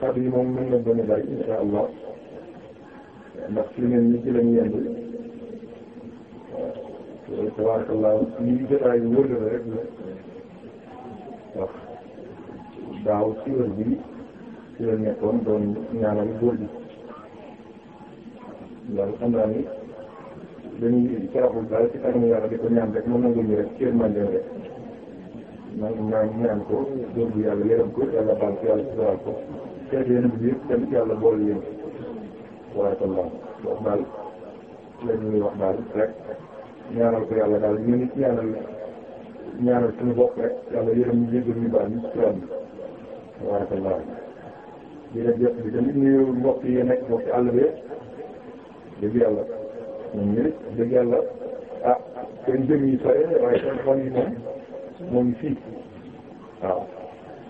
kàddu yi moom mën na gën a bari insha allah ndax fi mel ni ci lañ yend tabarakallah lii jotaay bi wóor la rek la daaw ci wër bi ci la nekkoon doon ñaanal góor bi loolu xam naa ni dañuy saraxul daal ci kanamu yàlla di ko ñaan rek mën na ñu rek cër man rek ñaan ñaan ñaan ko góor bu yàlla yërëm ko yàlla baal ko yàlla sural ko xeet yeneen bi yëpp tamit yàlla boole leen waaye tallaam wax daal la ñuy wax daal rek ñaanal ko yàlla daal ñu nit ñaanal ñaanal suñu bopp rek yàlla yërëm ñu yëgal ñu baal ñu sural ñu waaye tallaam di leen jot bi tamit nuyu mbokk yi nekk mbokk àll bi dëgg yàlla ñun ñëpp dëgg yàlla ah seen jëm yi sore waaye seen xol moom moo ngi fii waaw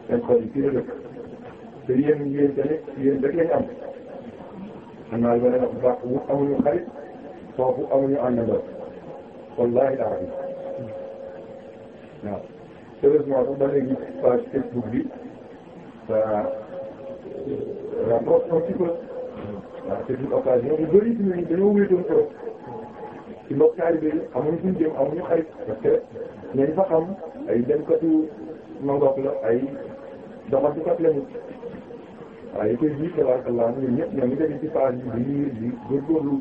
seen xol yi fii la dëkk te yéen yéen rek lañ am xam naa lu wax bu baax bu xarit foofu amuñu àndandoo wallaahi daal waaw heureusement sax ba léegi Facebook bi ça rapproche un petit peu waaw c'est une occasion yu bëri dañoo wéetoon trop ci mbokk bi yi amuñu suñu jëm amuñu xarit parce que ñooñu fa xam la ay doxantukat lañu waaye tey jii tabarakallah ñun ñëpp ñoo ngi dem ci page bi di lire di góorgóorlu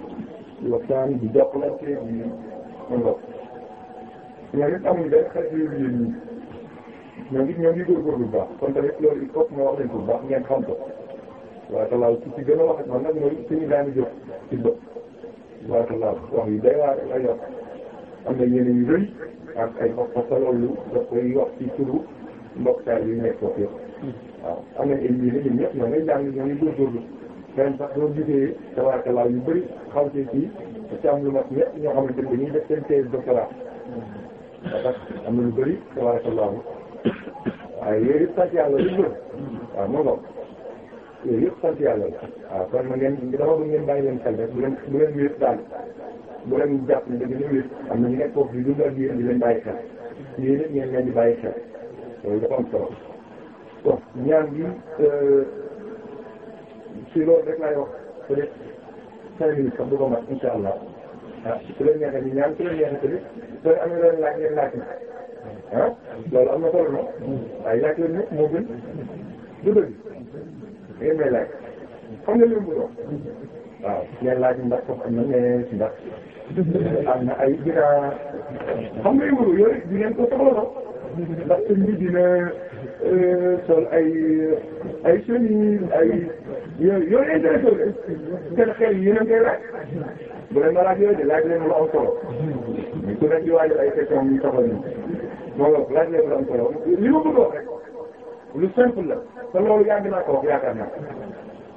di waxtaan di jokkalante di mangook ñooñu it amuñu benn xarit yu yéen ñi ñoo ngi ñoo ngi góorgóorlu bu baax kon tamit loolu il faut ma wax leen ko bu baax ngeen xam ko waaye talaaw a wax ak man nag mooy suñu daan jóg ci waatu laab wax yu day waar la am na yeneen yu rëy sa loolu da koy wax ci turu mbokktaay yu nekk foofu yëpp waaw ci am lu mat ñëpp ñoo xamante ne dañuy def seen thèse doctorat ndax am na lu bëri tabaarkalla waaye yooyu yëpp sax yàlla lu bëri waaw moo yooyu yëpp sant yàlla la waaw kon ma ngeen dama bëgg ngeen bàyyi leen xel rek bu leen bu leen wéet daal bu leen jàpp ne dangeen wéet am na ñu nekk foofu di dundal di xel yéen it ngeen leen di bàyyi xel loolu dafa am solo bon ñaan bi si loolu rek laay wax peut être cinq minutes sax du ko mat allah ah su leen neexee ñu ñaan su leen neexee tamit soo amee na ah loolu am na solo non waaye laaj leen ne moo du dëgg léegi may laaj xam nga li mu bëggoon waaw leen laaj ndax foofu am na ne ndax am na ay dina xam nga yëngu yooyu di ngeen ko soxla ndax sëñ bi dina euh, sol ay ay chemise ay yooyu yooyu intéressé seen xel yi yéen a ngi koy laaj bu leen ma laaj yooyu de laaj leen lu am solo ku nekk di ay questions yu soxla ñu moo laaj leen lu am solo li ma bëgg wax lu simple la te loolu yàgg naa ko wax yaakaar naa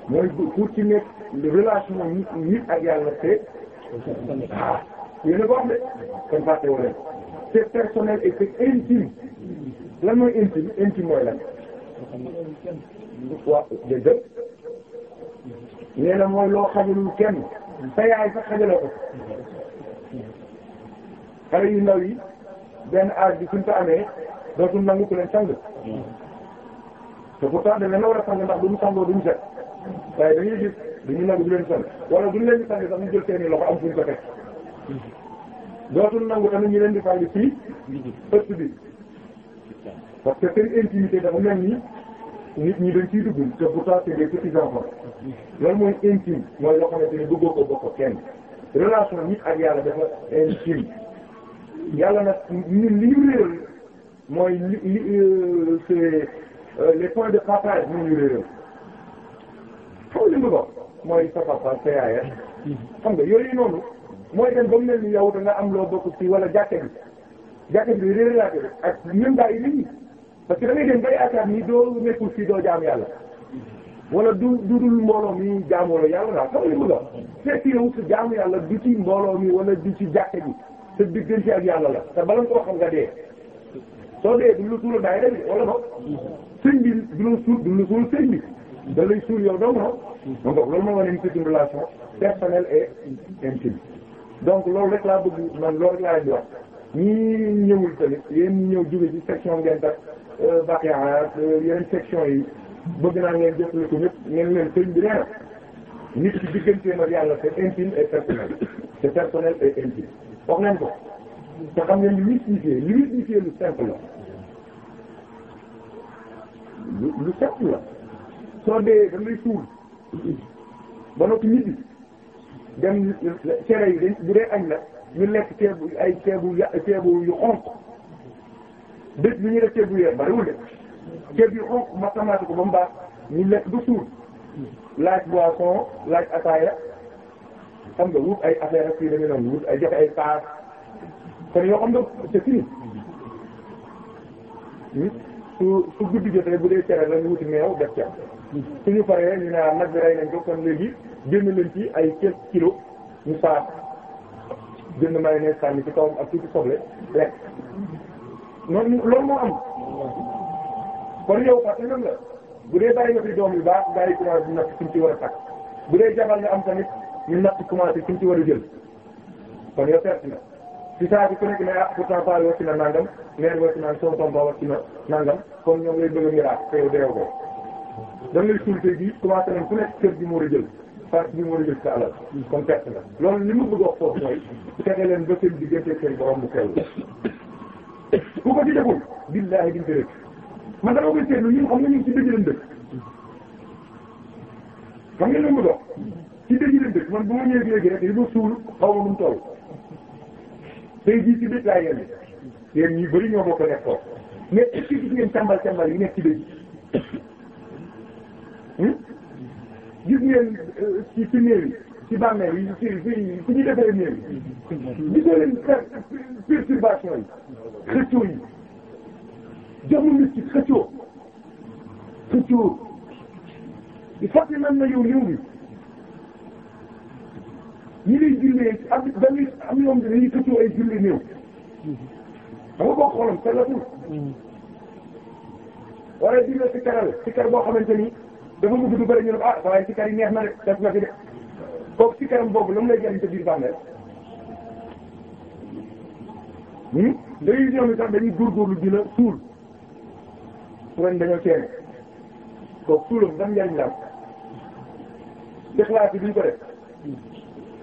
mooy pour ci nekk relation nit nit ak yàlla te ah yéen a ko wax de kon fàtte wu leen c'est personnel et c'est intime lan loo xajalul kenn sa yaay ndaw yi benn âge bi suñ ko amee dootul nangu ku leen sang. te pourtant dañ leen a war a sang ndax du mu sangoo du ñu set waaye dañuy gis dañuy nangu du leen sang wala du ñu leen di sang seen i loxo am fu ñu ko teg dootul nangu tamit ñu leen di fàgg fii ëtt bi parce que seen intimité dafa mel ni nit ñi dañ ciy dugg te pourtant c'est des petits enfants loolu mooy intime mooy loo xamante ni bëggoo ko bokk kenn relation nit ak yàlla dafa intime yàlla nag ñun li ñu réer mooy li li euh, Euh, les points de partage mu ñu réeral xaw li mu doon mooy sa papa sa yaaya nga yooyu noonu mooy dem ba mu ne ni yow nga am loo bokk ci wala jàkka bi jàkka bi réeralaate ak même daay nit ñi parce que da ngay dem ba yaakaar ni doo nekkul fii doo jaam yàlla wala du du dul mbooloo mi jaamu la yàlla daal xam li mu doon fekk yow sa jaamu yàlla du ci mbooloo mi wala du ci jàkka bi sa diggante ak yàlla la te bala nga koo xam nga dee soo dee duñ la suul daay dem wala no sëñ bi duñ la suul duñ la suul sëñ bi da lay suul yow dong no donc loolu moo wane ni c'est donc loolu rek laa bëgg man loolu rek laa di wax ñii ñëwul tamit yéen ñëw jóge ci section ngeen tax Bakhia yeneen section yi bëgg naa ngeen jotale ko ñëpp ngeen leen sëñ bi nee na yàlla c'est intime et personnel wax nañ ko te xam ngeen li mystifié lu simple la lu lu fekk la soo dee dañ suul ba noppi nit dem cere yi dañ bu dee añ la ñu lekk ceebu ay ceebu ya ceebu yu xonq bés bi ñuy def ceebu yee bariwul de ceeb yu xonq ma ko ba mu baax ñu lekk ba suul laaj boisson laaj ataaya xam nga wut ay affaire ak fii dañu doon wut ay joxe ay paas kon yoo xam nga c'est fini su su guddi jotee bu dee cere la ñu wuti meew def ca suñu paree ñu naan nag bi rey nañ ko kon léegi génn leen ci ay quelques kilos ñu saat jënd mayonnaise sànni ci kawam ak tuuti soble lekk noonu loolu moo am kon yow fàtte nan la bu dee bàyyi nga fi doom yu baax bàyyi commencé natt suñ ci war a takk bu dee jabar nga am tamit ñu natt commencé suñ ci war a jël kon yow perte na ci saa bi ku nekk mais ah pourtant Paa wàcc na nangam mère wàcc na soo tomba wàcc na nangam comme ñoom lay bëgg a miraas te yow deewoo ko. da ngay suul tey jii commencé nañ ku nekk kër gi moo di jël parce que sa alal comme perte na loolu li mu bëgg a foofu mooy fexe leen ba seen diggante seen borom bu sell ku ko ci deful billaahi diñ ko rek man dama koy seetlu ñun xam nga ñun ci dëgg dëkk xam nga lu mu dox ci dëgg dëkk man bu ma ñëwee léegi rek li ma suul xaw ma nu mu tey jii ci bët laa yéeme yéen ñu bëri ñoo bokk nekk ko gis ngeen càmbal càmbal yi nekk ci bët hmm? gis ngeen euh, ci ci néew yi ci bàmmeel yi ci ci ci ñu defee néew yi. gisoo leen perturbation yi xëccoo yi jox mu nit ci xëccoo xëccoo fàttali man na yow néew bi. ñi lay jullee am dañuy am ñoom dañuy tëccoo ay julli néew. dama bokk xolam te la tuut. wala jullee si karal si kar boo xamante ni dafa bëgg du bëri ñu ne ah waaye si kar yi neex na de def na fi de kooku si karam boobu la mu lay jëriñ te biir hmm? dañuy ñëw ni sax dañuy góorgóorlu di la suul su ren dañoo teel kooku suulam dam njëriñ la am. déclenché bi ko def.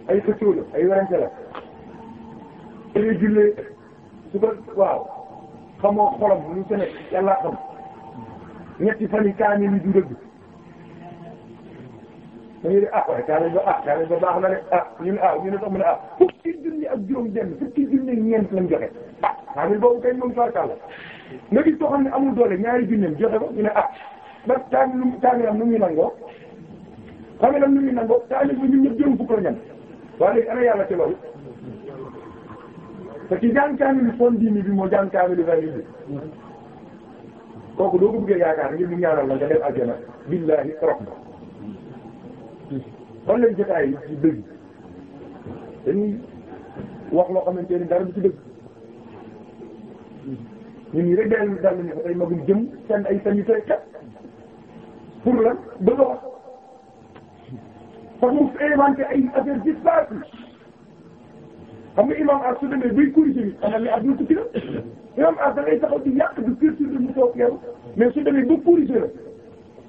ay xëccoo la ay werante la dañuy jullee su ko waaw xamoo xolam lu ca yàlla xam ñetti fan yi kaamil yi du dëgg dañuy ne ah waaye kaamil ba ah kaamil de ah ñu ne ah ak juróom benn fukki junni ñeent lañ joxe ah kaamil boobu kay moom farkaal la nga gis koo xam ne amul doole ñaari junneem joxe ko ñu ne ah ndax kaamil lu kaamilam nu muy nangoo kaamilam nu muy nangoo juróom fukk la waaye ana yàlla ci loolu te ci jàng kaamilu fondini bi moo jàng kaamilu vingt mille bi kooku doo ko bëggee yaakaar ngir mu ñaanal la nga dem àjjana billahi trop na kon lañ jotaay dañuy wax loo xamante ni dara du ci dëgg ñun ñi rek dal dal nañu ko tey magum jëm seen ay seen kat pour la bëgg a ba mu inventé ay affaire gis baax xam nga imam as su demee bay corrigé bi xanaa ne àdduna tukki na imam as da ngay taxaw di yàq di perturbé mu toog yow mais su demee ba corrigé la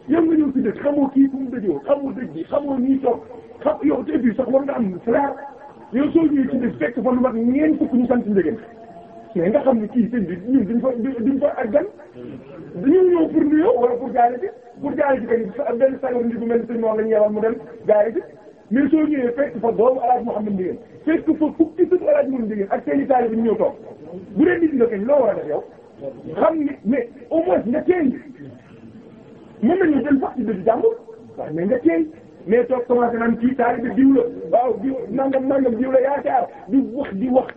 yow nga ñëw ci dëkk xamoo kii fu mu xamoo dëj bi xamoo nii toog xam yow te bi sax war nga am flair yow soo ñëwee ci dëkk fekk fa lu mat ñeent fukk ñu sant njëgeen mais nga xam ni kii sëñ bi ñun duñ fa duñ fa ak gan dañoo ñëw pour nuyoo wala pour jaaree pour jaay ji kañ ak benn sagaru nit bu mel ni sëñ moom la ñu yebal mu dem jaay ji mais soo fekk fa doomu alaaj Muhammad Ndieguène fekk fa fukki sët alaaj Muhammad Ndieguène ak seen i taal bi ñu ñëw toog bu dee nit nga kañ loo war a def yow xam ni mais au moins nga teey mën nañu jël sax ci dëgg jàmbur mais nga teey mais toog commencé naan kii taalibe diw la waaw diw nangam nangam diw la yaakaar di wax di wax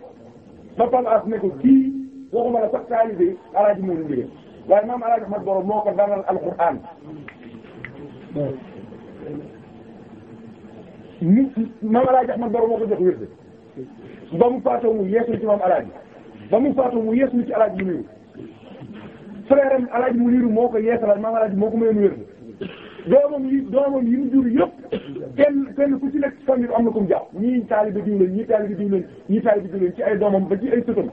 ba Pape As ne ko kii waxuma la sax taalibe alaaji Muhammad Ndieguène waaye maam El Hadj Ahmad Borom moo ko dalal alquran ni maam El Hadj Ahmad Borom moo ko jox wirde ba mu faatoo mu yeesu ci maam El ba mu faatoo mu yeesu ci El Hadj Muniru frère am El Hadj Muniru moo ko yeesalal maam El Hadj moo ko mayoon wirde mu jur ku ci nekk famille am na ko mu jàpp ñii taalibe diw leen ñii taalibe diw leen ñii taalibe diw leen ci ay doomam ba ci ay sëtam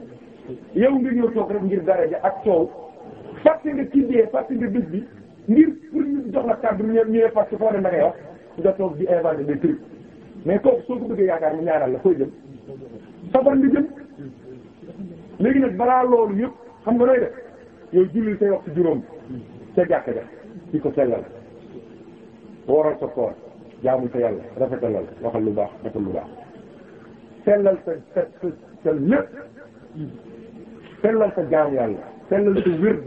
yow nga ñëw toog rek ngir daraja ak coow. fàtte nga kii bi fàtte nga bés bi ngir pour jox la kàddu ñu ñu ne parce que foo dem da ngay wax nga toog di inventé des trucs mais kooku soo ko bëggee yaakaar mu ñaanal la koy jëm sabar li jëm léegi nag balaa loolu yëpp xam nga nooy def yow julli say waxtu juróom ca jàkk ja ko sellal waral sa koor jaamul sa yàlla rafetalal waxal lu baax defal lu baax sellal sa sa sa lépp sellal sa jaam yàlla sellal sa wird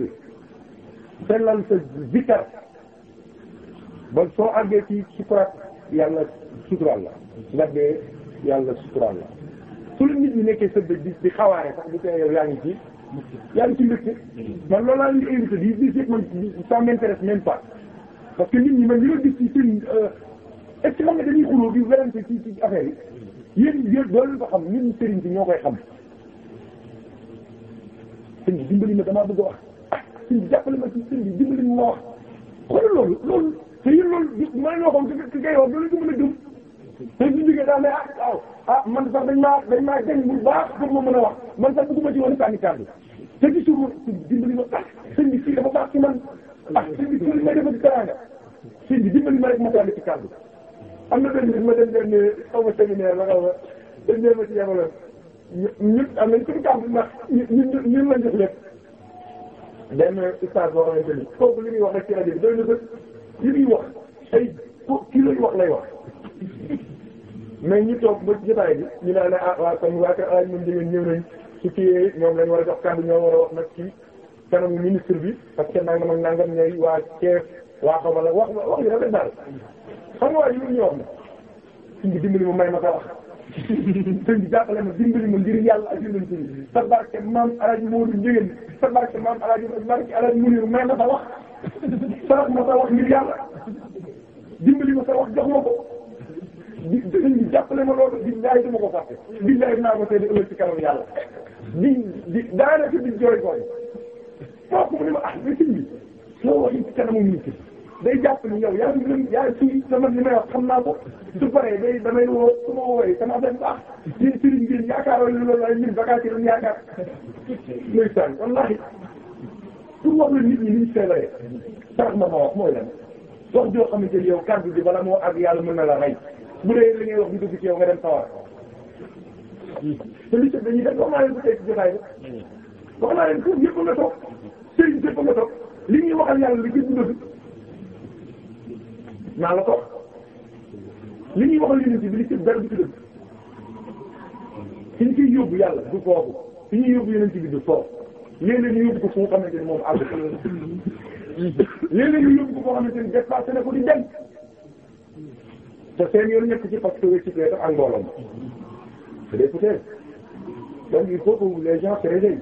sellal sa zikar ba soo àggee ci sukuraat yàlla suturaal la nga dee yàlla suturaal la su lu nit ñi nekkee sa bëj di xawaare sax bu tey yaa ngi ci yaa ngi ci mbégte man loolu laa leen invité di di seet man ça m'intéresse même pas parce que nit ñi man li ma gis euh, nga dañuy xuloo di werante ci ci affaire yi yéen yéen doo leen ko xam nit ñi sëriñ bi ñoo koy xam sëñ bi dimbali ma damaa bëgg a wax sëñ bi jàppale ma ci sëñ bi dimbali ma wax xoolal loolu loolu te yéen loolu ma ne waxoon ki ngay wax loolu ko mën a gëm te bu ñu jógee daal ne ah waaw ah man sax dañ maa dañ maa gañ bu baax pour ma mën a wax man sax bëgguma ci woon sànni kàddu te ci suuf sëñ bi dimbali ma ah sëñ bi fii dafa baax ci man ah sëñ bi fii may defal ci teraanga sëñ bi dimbali ma rek ma sànni ci kàddu am na benn ma dem benn xaw ma séminaire la xaw ma dañ ma ci yabaloon ñun am nañ suñu kàddu ndax ñun ñun lañ def ni kooku li muy wax rek ci rajo bi doy na bët li muy wax lay wax mais ñu toog ba jotaay bi ñu naan ah waaw la waa ma Alane moom jigéen ñëw nañ su kii ñoom lañ war a jox kàddu ñoo war a wax nag ci kanamu ministre bi parce que nangam ak nangam ñooy waa chef waa xaw ma la wax wax yu rafet daal xam nga waa yu ñu wax ma ko wax. sëñ bi jàppale ma dimbali ma ngir yàlla ak yonent bi sa barke maam Alaaji Moodu Njëgeen sa barke maam Alaaji barke Alaaji Muniir may ma sa wax sarax ma sa wax ngir yàlla dimbali ma sa wax jox ma ko di sëñ bi jàppale ma loolu billaay dama ko fàtte billaay dinaa ko seede ëllëg ci kanam yàlla di di daanaka di jooy koy kooku mu ne ma ah mais sëñ bi loo wax ci kanamu ministre day jàpp ni yow yaa ngi yaa ngi si li may wax xam naa ko su paree day damay woo su ma woowee sama affaire bu baax yéen Serigne Gueye yaakaaroon nañu loolu waaye ñun vacances yi doon yaakaar. ndeysaan wallaahi pour nit ñi ni ñu feebaree ma ma wax mooy lan wax joo xamante ni yow kàddu gi bala moo àgg yàlla mën na la rey bu dee li ngay wax ñu dugg ci yow nga dem sawar te li ci dañuy def wax naa leen ko tey ci jotaay bi wax naa leen ko yëpp nga toog naa la ko li ñuy waxal yonent bi li ci dara du ci dëgg fi ñu koy yóbbu yàlla du foofu fi ñuy yóbbu yonent bi du foofu léeg-léeg ñu yóbbu ko fu nga xamante ne moom àgg léeg-léeg ñu yóbbu ko foo xamante ne dépassé te seen yoon nekk ci parce que récipient ak mbooloo ma c'est des peut-être donc il faut que les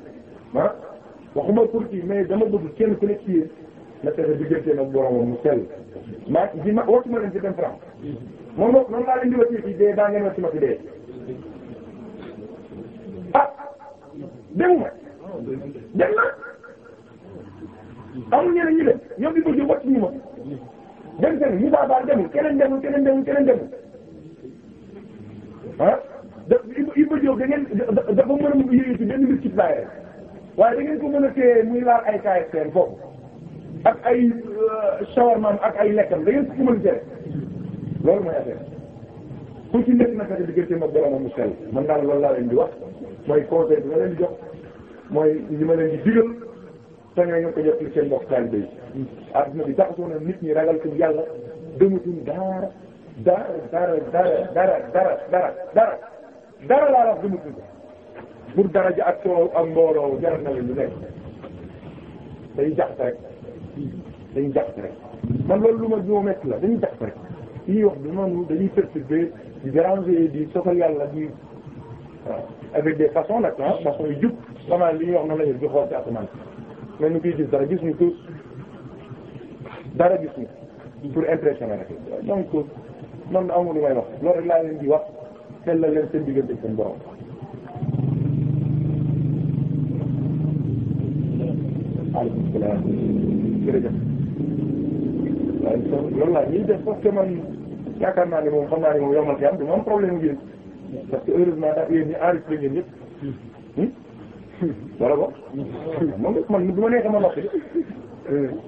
ah, waxuma pour kii mais dama bëgg kenn ku nekk na bi diggante nag boromam mu sell maa ji ma wootu ma leen ci benn franc moom moom noonu laa leen di wëccee ci dee daa ngeen wëcc ma ci dee ah demuma dem na amul ñeneen ñu dem ñoom bi bëgg wëcc ma dem seen Moussa Ba demul keneen demul keneen demul keneen demul ah da Iba Diop da ngeen dafa mën a yëngu ci benn mbir ci waaye da ngeen ko mën a téye muy laal ak ay euh, shawarma ak ay lekkam da ngeen ko mën cere loolu mooy affaire ku ci nekk naka diggante ma boromam mu sell man daal loolu laa leen wax mooy conseil bi ma leen di jox mooy li ma leen di digal te nga ko jot li seen mbokk taalibe adduna bi jaxasoo na nit ñi ragal ko yàlla dëmatuñ daara dara dara dara dara dara dara dara dara laa wax dëmatuñ ko pour dara ak soo ak mbooloo jaral na leen lu nekk day jaxas rek dañuy jàpp rek man loolu lu ma lu ma métti la dañuy jàpp rek li ñuy wax du noonu dañuy perturber di déranger di soxal yàlla di waaw avec des façons nag ah façon yu jub xanaa li ñuy wax noonu la ñuy xool ci asamaan mais ñu koy gis dara gis ñu ko dara gis ñu pour impressionner rek donc man amul lu may wax loolu la laa di wax teel la leen seen diggante seen borom. jërëjëf waaye loolu laa ñuy def parce que man yaakaar naa ne moom xam naa ne moom yow man fi am du ma am problème yéen parce que heureusement daal yéen ñi enregistré ngeen ñëpp. Hmm? wala boog man man du ma neexee ma noppi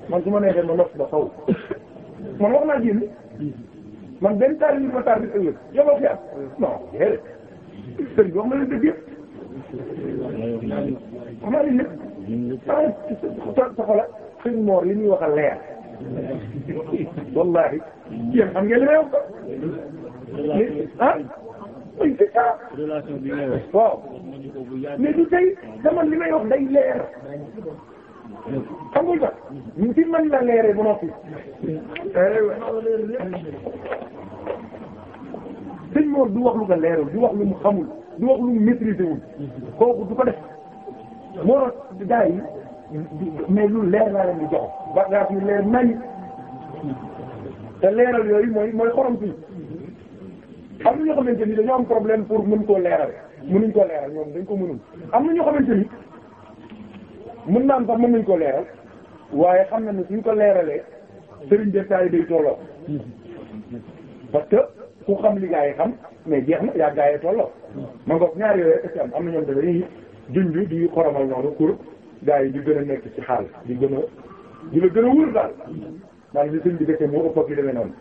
man su ma neexee ma noppi ba xaw man wax naa génn man benn taal yi ma taal bi ëllëg yow ma fi am non déedéet sëñ bi wax na leen dëgg yëpp xam naa ne lépp sa sa sa sëñ Mor li muy wax a leer wallahi yéen xam ngeen li may wax ah mooy du tey dama li may wax day leer xam nga lu tax ñu fi mën la leeree ba noppi. Eh, sëñ Mor du wax lu ko leerul du wax lu mu xamul du wax lu mu maîtriser wul kooku du ko def moo tax gars mais lu leer naa leen di jox bagage yu leer nañ te leeral yooyu mooy mooy xorom fii am na ñoo xamante ni dañoo am problème pour mën koo leeral mënuñ koo leeral ñoom dañ ko mënul am na ñoo xamante ni mën naa am sax mën nañ koo leeral waaye xam na ne suñ ko leeralee sëriñ de taay day tolloo parce que ku xam li yi xam mais jeex na yaa gaa yi tolloo man ko ñaar yooyu am na ñoom dañuy junj di xoromal noonu pour gars yi di gën a nekk ci xaal di gën a di la gën a wóor daal maanaam li sëñ bi dëkkee moo ëpp ak li demee noonu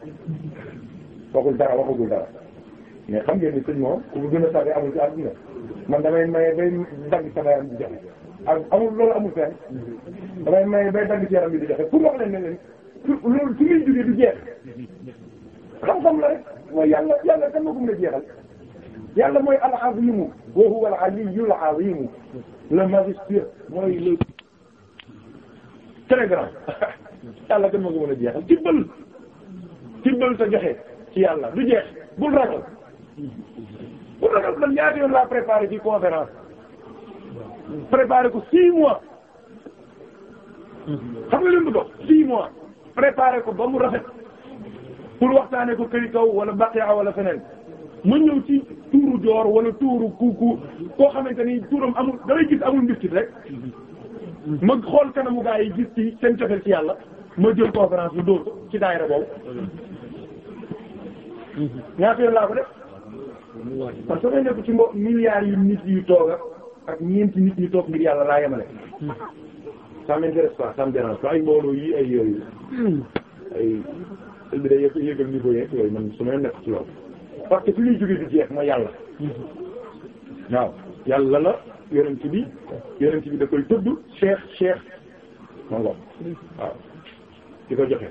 waxul dara waxagul dara mais xam ngeen ni sëñ moom ku gën a sàrde amul ci àdduna man damay maye bay dagg sama yaram di joxe ak amul loolu amul fenn damay maye bay dagg ci yaram bi di joxe pour wax leen ne leen loolu su muy jógee du jeex xam-xam la rek mooy yàlla yàlla kan moo ko mën a jeexal yàlla mooy al-azimu wa huwa al-aliyyul azimu le majestueux mooy le très grand yàlla gën ma ko mën a jeexal tibbal tibbal sa joxe ci yàlla du jeex bul ragal bul ragal man ñaata yoon laa préparé ci conférence préparé ko si mois xam nga leen bu moi six ko ba mu rafet pour waxtaane ko këri kaw wala baqiya wala feneen ma ñëw ci tuuru joor wala tuuru kuku koo xamante ni tuuram amul damay gis amul mbirtit rek ma xool kanamu gaa yi gis ci seen cofeel ci yàlla ma jël conférence bu dóor ci daayira boobu ñaar yoon laa ko def parce que may nekk ci mbo milliards yu nit yu toog ak ñeenti nit ñu toog ngir yàlla laa yemale ça m'intéresse pas ça mbooloo yi ay yooyu ay bi day ci loolu parce que fi jóge di jeex mooy yàlla waaw yàlla la yonent bi yonent bi da koy tudd cheikh cheikh ma waaw di ko joxe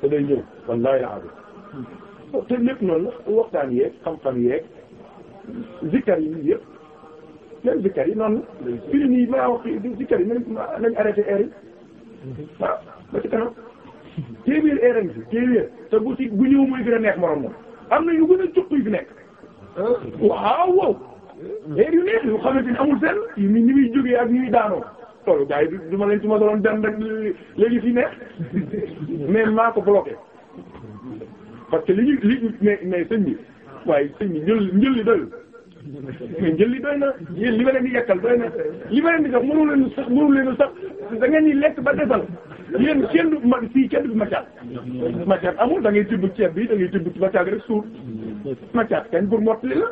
te day ñëw wallahi la ado te lépp noonu waxtaan yeeg xam-xam yeeg zikkar yi yëpp même zikkar yi noonu film maa wax zikkar yi nañ nañ arrêté air yi waaw ba ci kanam téeméer air bi téeméer te bu ci bu ñëw mooy gën a neex morom moom am na yu gën a jox yu fi nekk waaw wow leer yu neex yu xamante ni amul fenn yu ni muy jógee ak ni muy daanoo toolu gars yi du ma leen su ma doon dem rek léegi fi neex mais maa ko bloqué parce que li ñu li mais mais sëñ bi waaye sëñ bi njël njël li doyul mais njël li doy na yéen li ma leen di yekkal doy na li ma leen di jox mënu leen sax mënu leen sax da ngeen di lekk ba desal yéen kenn ma man fii kenn du macaat macaat amul da ngay tibb ceeb bi da ngay tibb ci macaat rek suur macaat kañ pour mottali la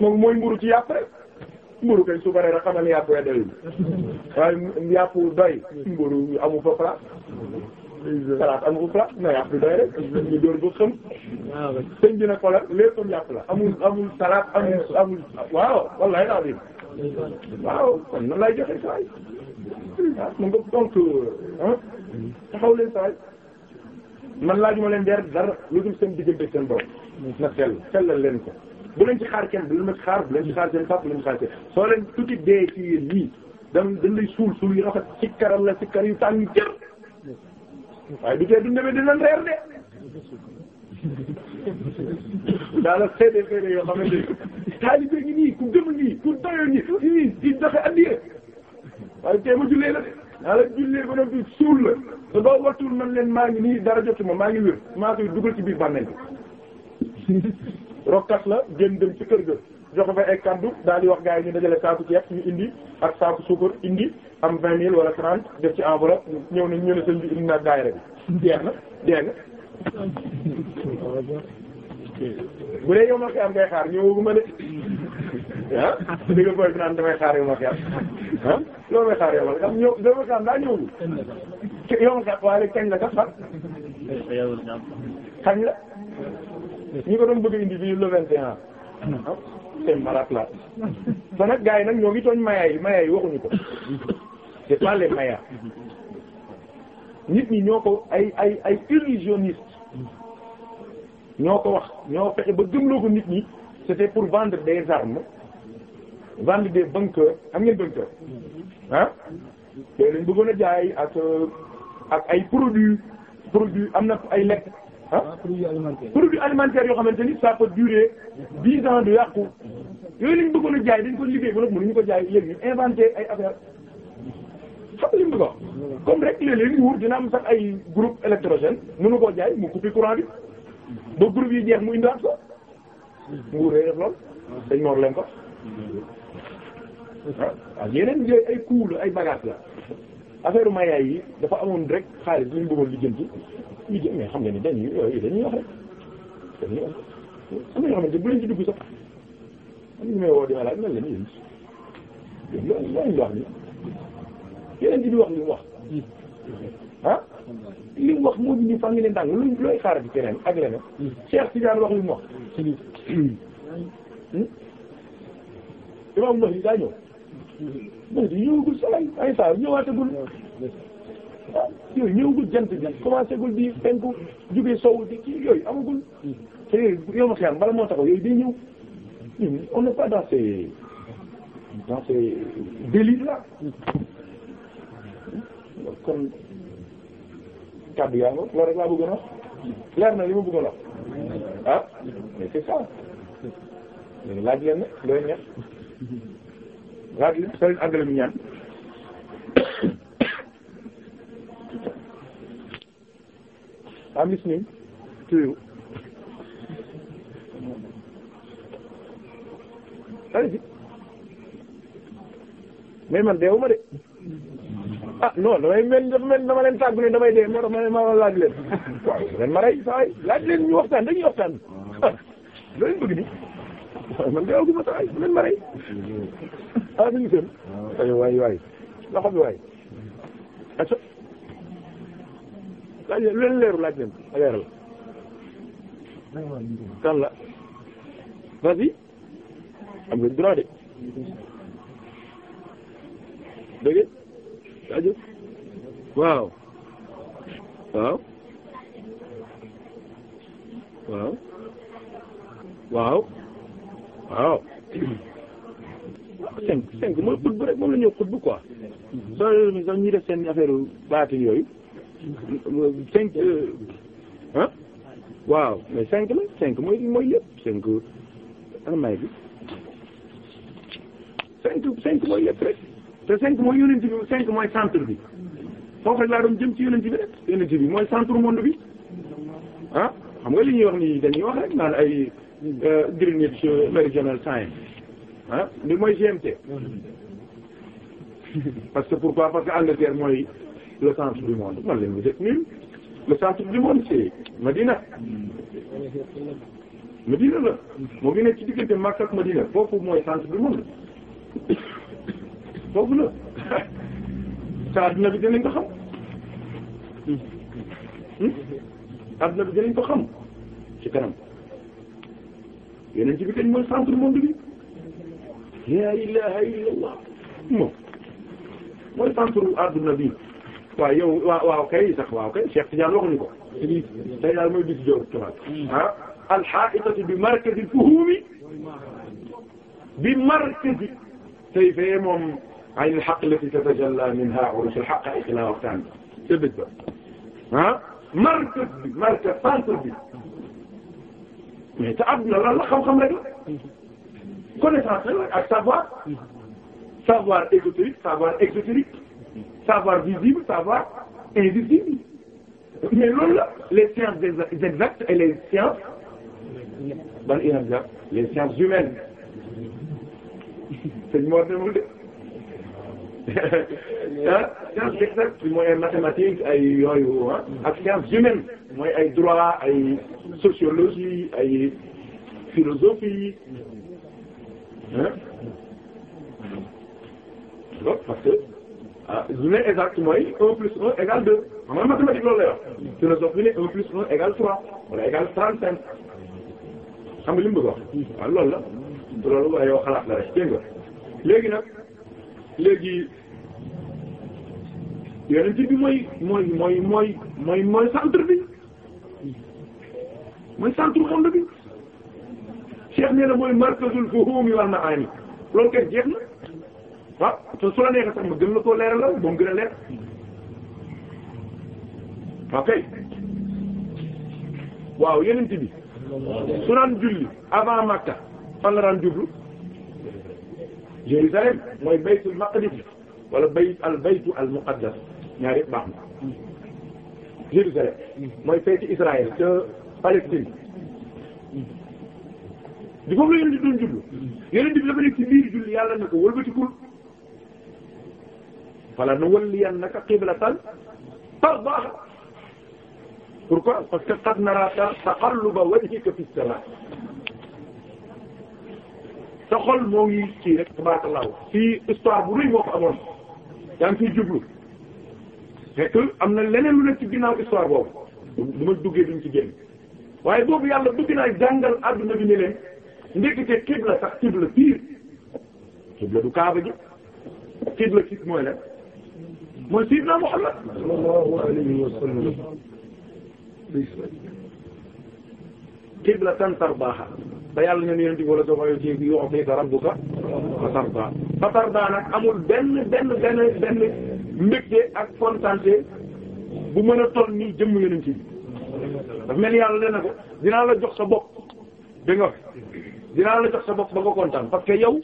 moom mooy mburu ci yàpp rek mburu kay suba rek xamal yàpp we doy waaye yàpp doy mburu amul fa place salaat amul fa place na yàpp doy rek ñu door ba xam sëñ na ko la léppam yàpp la amul amul salaat amul wallahi daal waaw kon nan lay joxe saay ah mu nga donc euh, taxaw leen saa man laajuma leen der dara lu dul seen diggante seen borom. na sell sellal leen ko. bu leen ci xaar kenn bu leen ci xaar bu leen ci xaar seen bu leen ci xaar seen soo leen tuuti dee ci yéen yii dañ dañ lay suul suul yu rafet ci karam la ci kar yu tàng yu jër waaye du tee du demee dinañ reer de daala seede seede nii ku gëm nii ku doyo nii nii di doxe addiye waaye tey ma jullee la de naa la jullee ba noppi suul la te doo wattul man leen maa ngi nii dara jotuma maa ngi wér maa koy dugal ci biir bàmmeel bi rokkas la gën dem ci kër ga jox fa ay kàddu daal di wax gars yi ñu dajale saaku ceeb ñu indi ak saaku suukar indi am vingt mille wala trente def ci enveloppe ñëw nañ ñu ne sëñ bi indi naa daayira bi jeex na dégg nga bu dee yow ma xiyam ngay xaar ñëwaguma de ah dëgg booy bi naan damay xaar yow ah loolu mooy xaar yow xam ñoom loolu xam daa ñëwul. yow nga waaye léegi kañ la sax fan. kañ la. ko doon bëgg a indi bi le 21. ah c'est la. ba nag gars yi nag ñoo ngi tooñ maya yi maya yi waxuñu ko. c'est pas maya. nit ñi ñoo ko ay ay ay illusionniste. ñoo ko wax ñoo fexe ba gëmloo ko nit ñi c'était pour vendre des armes. vendez des bunkers am ngeen bunker ah yooyu lañ bëggoon jaay ak ak ay produits produits am na ay lekk ah produits alimentaires produits alimentaires yoo xamante ni ça peut durer dix ans du yooyu lañ bëggoon a jaay dañ ko liggéey ba nag ñu ko jaay léegi ñu inventé ay affaire fam li mu ko comme rek léeg-léeg nguur dina am sax ay group électrogène mënu koo jaay mu coupé courant bi ba groupe yi jeex mu indiwaat ko nguur def lool dañ moor leen ko ah yeneen yooyu ay kuul ay bagages la affaire mayaay yi dafa amoon rek xaalis luñ bëggoon di jënd ñu jëm xam ne ni dañuy yooyu dañuy wax rek dañuy wax am na ñuy yëngu loolu loolu wax nii yeneen di wax li mu wax ah li mu wax moo ñu fa ngi leen dàng luñ looy xaaral li mu wax. Hmm? imam Mahdi mais di ñëwagul soleil ay saa ñëwaatagul ah yooyu ñëwagul jant bi commencé gul di penku jugee sow di kii yooyu amagul te yooyu yow ma xeer bala moo taxaw yooyu day ñëw on n'est pas dans ces dans ces délires là kon kaddu yaa ngi loolu rek laa bëggoon wax leer li ma bëggoon wax ah mais c'est ça laaj leen ne waa di sëriñ àggale mi ñaan am listening to you mais man deewuma de ah non damay mel dafa mel dama leen tàggu ne damay dee moo tax ma ne ma laaj leen waaw ren ma rey saa laaj leen ñu waxtaan dañuy waxtaan ah loolu bëgg man de aw ma tawaay man ma rey ah bi ñu seen waay waay loxo bi waay aso laaj leen lu leen leeru laaj leen leeral la vas-y am nga droit de dégg nga waaw waaw waaw cinq cinq mooy xut bu rek moom la ñuy xut bu quoi soo sax ñuy def seen affaire baatin yooyu cinq ah waaw mais cinq la cinq mooy mooy lépp cinq amay bi cinq cinq mooy lépp rek te cinq mooy yonent bi cinq mooy centre bi foofu rek laa doon jëm ci yonent bi rek yonent bi mooy centre monde bi ah xam nga li ñuy wax ni dañuy wax rek naan ay Euh, Greenwich Meridional Time ah li mooy GMT. parce que pourquoi parce que Angleterre mooy le centre du monde man leen vous êtes nuls le centre du monde c'est Madina. Madina la moo ngi nekk ci diggante Makka ak Madina foofu mooy centre du monde foofu la sa adduna bi dinañ ko xam adduna hmm? hmm? bi dinañ ko xam yeneen ci bi kañ mooy centre monde bi la ilaha illallah moom mooy centre adduna bi waaw yow waaw waaw kay sax waaw kay Cheikh Tidiane waxuñu ko tey daal mooy bis joor tubaab hmm. ah alxaitatu bi markazi fuhumi bi markazi tey fee moom ayni alxaq lati tatajalla minha urus alxaqaiq ila waxtaan ba ca dëj ba ah markaz bi markaz centre bi mais te àdduna lan la xam-xam rek la connaissance rek la ak savoir savoir ésotérique savoir exotérique savoir visible savoir invisible mais loolu la les sciences exactes et les sciences ban inexactes les sciences humaines ah science exacte mooy mathématique ay yooyu ah ak science humaine mooy ay droit ay sociologie ay philosophie hein donc parce que ah exact mooy un plus un égale deux xam nga mathématique loolu lay wax philosophie plus un égale trois wala égale trente-cinq xam nga li mu bëgg wax loolu la la rek dégg nga léegi léegi yonent bi mooy mooy mooy mooy mooy mooy centre bi mooy centre monde bi Cheikh nee na mooy markazul fuhumi wal maani loolu kat jeex na waaw ah, te su la neexee sax ma gën la koo leeralal moom gën a leer ok waaw yonent bi su naan julli avant Makka fan la daan jublu Jérusalem mooy baytul maqdis wala bayt al baytu al muqaddas ñaar yëpp baax na Jérusalem mooy feeti Israël ca Palestine di foofu la yonent doon jublu yonent bi dafa nekk ci biir julli yàlla na ko wëlbatikul fala nuwalliyannaka qiblatan tardaha pourquoi parce que qad nara taqalluba wajhika fi sama sa moo ngi kii rek tabarakallahu fii histoire bu rëy moo ko amoon yaa ngi fiy jublu fekk am na leneen lu nekk ci ginnaaw histoire boobu du ma duggee duñ ci génn waaye boobu yàlla bëgg naa jàngal àdduna bi ne leen ndekete xibla sax xibla biir xibla du kaaba ji xibla ci mooy la mooy sayyidna Muhammad sallallahu alayhi wa sallam xibla tan tarbaaha ba yàlla ñun yonent bi wala soo xoolee ci yu'tika rabbuka fatarda fatarda nag amul benn benn benn benn mbégte ak kontaante bu mën a toll nii jëmm yonent bi dafa dinaa la jox sa bopp la jox sa bopp ba kontaan parce que yow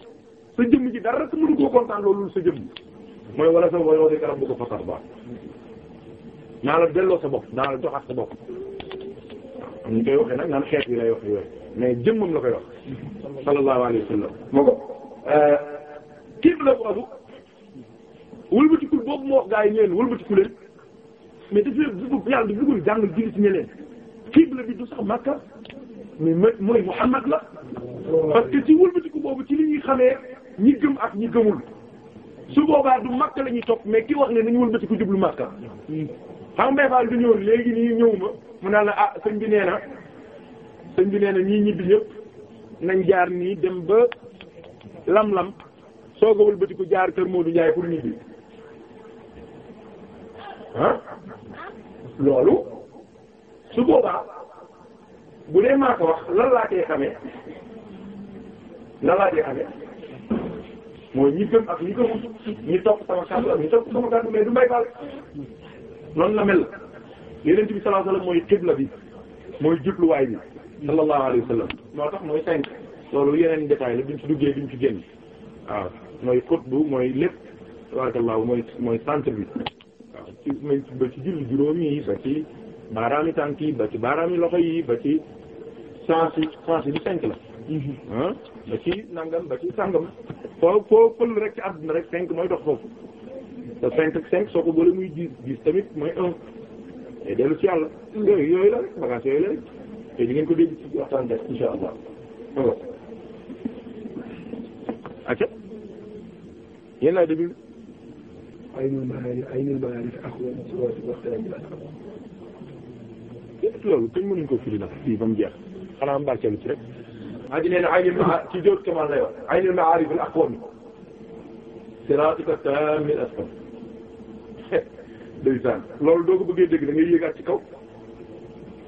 sa jëmm ji dara rek mënu koo kontaan loolu sa jëmm mooy wala soo naa la delloo sa bopp naa la joxaat sa bopp ñu koy waxee nag naan xeet yi lay wax yooyu mais jëmmam la koy wax sallallahu alayhi wa sallam moo ko képp euh, la ko asu wëlbatikul boobu moo wax gaa yi ñeen wëlbatiku leen mais dafay bugg yàlla du bëggul jàngal jullit ñe leen képp la bi du sax Makka mooy Muhammad la parce que ci wëlbatiku boobu ci li ñuy xamee ñi gëm ak ñi gëmul su boobaa du Makka la topp mais ki wax ne nañu wëlbatiku jublu Makka xam nga du ñëw léegi nii ñëw ma mu naan la ah sëñ bi nee na sëñ bi nee na ñii ñibbi ñëpp nañ jaar nii dem ba lam-lam soog a wëlbatiku jaar kër Modou Ndiaye pour ñibbi ah loolu su boobaa bu dee maa wax lan laa koy xamee lan laa koy xamee mooy ñi gëm ak ñi gëmul ñi topp sama kàddu ak ñi topp sama kàddu mais du baal noonu la mel yeneen bi sallallahu alayhi mooy xibla bi mooy jubluwaay bi sallallahu alayhi wa sallam moo tax mooy cinq loolu yeneen détail la duñ ci duggee ñu ci génn waaw mooy xutbu mooy lépp tabarakallahu mooy mooy centre bi waaw ci même ba ci julli juróomi yi ba ci baaraami tànk yi ba ci baaraami loxo yi ba ci sens yi sens yi cinq la mm-hmm. ah ba ci nangam ba ci sàngam rek ci àdduna rek cinq mooy dox foofu te cinq ak soo ko boole muy dix dix tamit mooy un day dellu ci yàlla mm. yooyu la rek bagage yooyu la rek te di ngeen ko dégg ci waxtaan def insha allah ok yéen laa déglu aynul maarif aynul maarif axwal siwaasi waxtaan bi loolu kañ mënuñ ko firi nag fii ba mu jeex xanaa am barkeelu ci rek maa ngi leen aynul ma ci jóot kamal lay wax aynul maarif al aqwam siraatika taamil asfal ndeysaan loolu doo ko bëggee dégg da ngay yéegaat ci kaw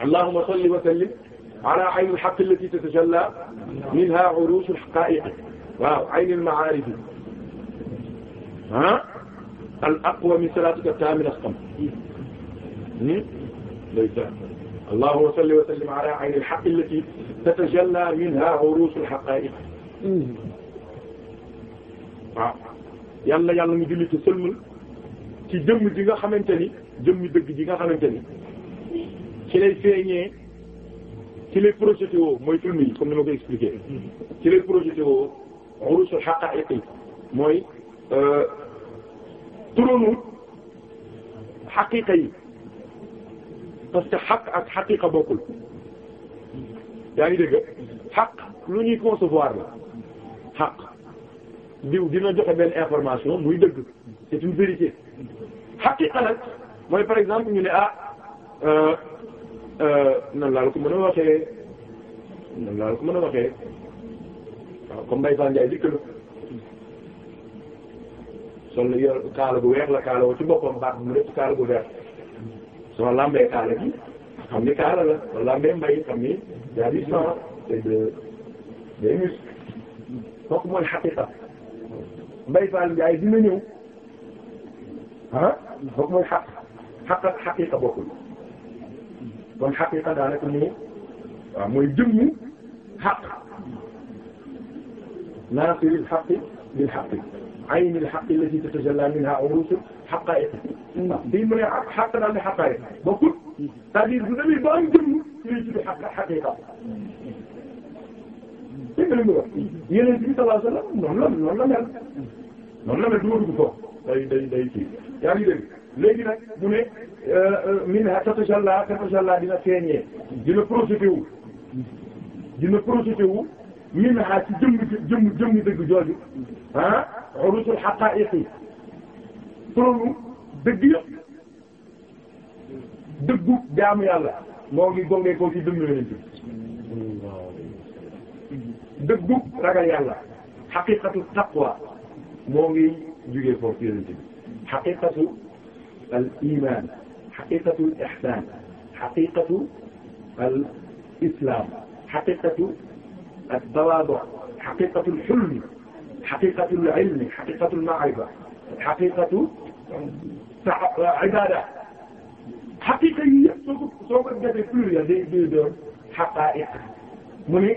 allahumma salli wa sallim ala ayni al-haqq allati tatajalla minha urush al-haqa'iq waaw ayni al-ma'arif ah al-aqwa min salatika taamina xam hmm? ndeysaan allahumma salli wa sallim ala ayni al-haqq allati tatajalla minha urush al-haqa'iq waaw yàlla yàlla mu julli ci sëlmal ci jëmm ji nga xamante ni jëmm dëgg ji nga xamante ni ci lay feeñee ci lay projeté woo mooy film yi comme ni ma ko expliqué ci lay projeté woo urusul haqa'iq yi mooy euh, tronu xaqiqa yi parce que xaq ak xaqiqa bokkul yaa ngi dégg xaq lu ñuy concevoir la xaq diw dina joxe benn information muy dëgg c'est une vérité xaqiqa nag par exemple ñu ne ah euh, Euh, nan laa la ko mën a waxee nan ko mën a waxee waaw comme Mbaye Fall sol la yor kaala weex la kaala wu ci boppam baax mu lépp kaala gu weex soo lambee kaala gi xam ni la soo lambee mbay xam ni yaa di sang de day mus kooku mooy xaqiqa Mbaye Fall Ndiaye dina ñëw ah kooku mooy xaq xaq ak xaqiqa kon xaqiqa daanaka moo waaw mooy jëmmu xaq naasiril xaqi bil xaqi aynil xaqi allati tatajalla minha urusu xaqaa'iq bii mu ne xaq daal di xaqaa'iq bokkut c'est-à-dire bu demee ba am jëmm lay tudde xaq xaqiqa dégg nga li mu wax yeneen bi sallallahu la mel noonu la mel du ma dugg foofu day day day léegi nag mu ne euh, euh, minha tatajalla tatajalla dina feeñee dina profité wu dina profité wu minha ci jëmm jëmm jëmm dëgg jooju ah urusul haqa'iqi pronu dëgg yëpp dëggu jaamu yàlla moo ngi gongee ko ci dënnu leen ci ragal yàlla haqiqatu taqwa moo ngi jugee foofu haqiqatu الإيمان حقيقة الإحسان حقيقة الإسلام حقيقة التواضع حقيقة الحلم حقيقة العلم حقيقة المعرفة حقيقة عبادة xaqiqa yi yëpp soo ko soo ko defee pluriel day day doon xaqaa'iq mu ne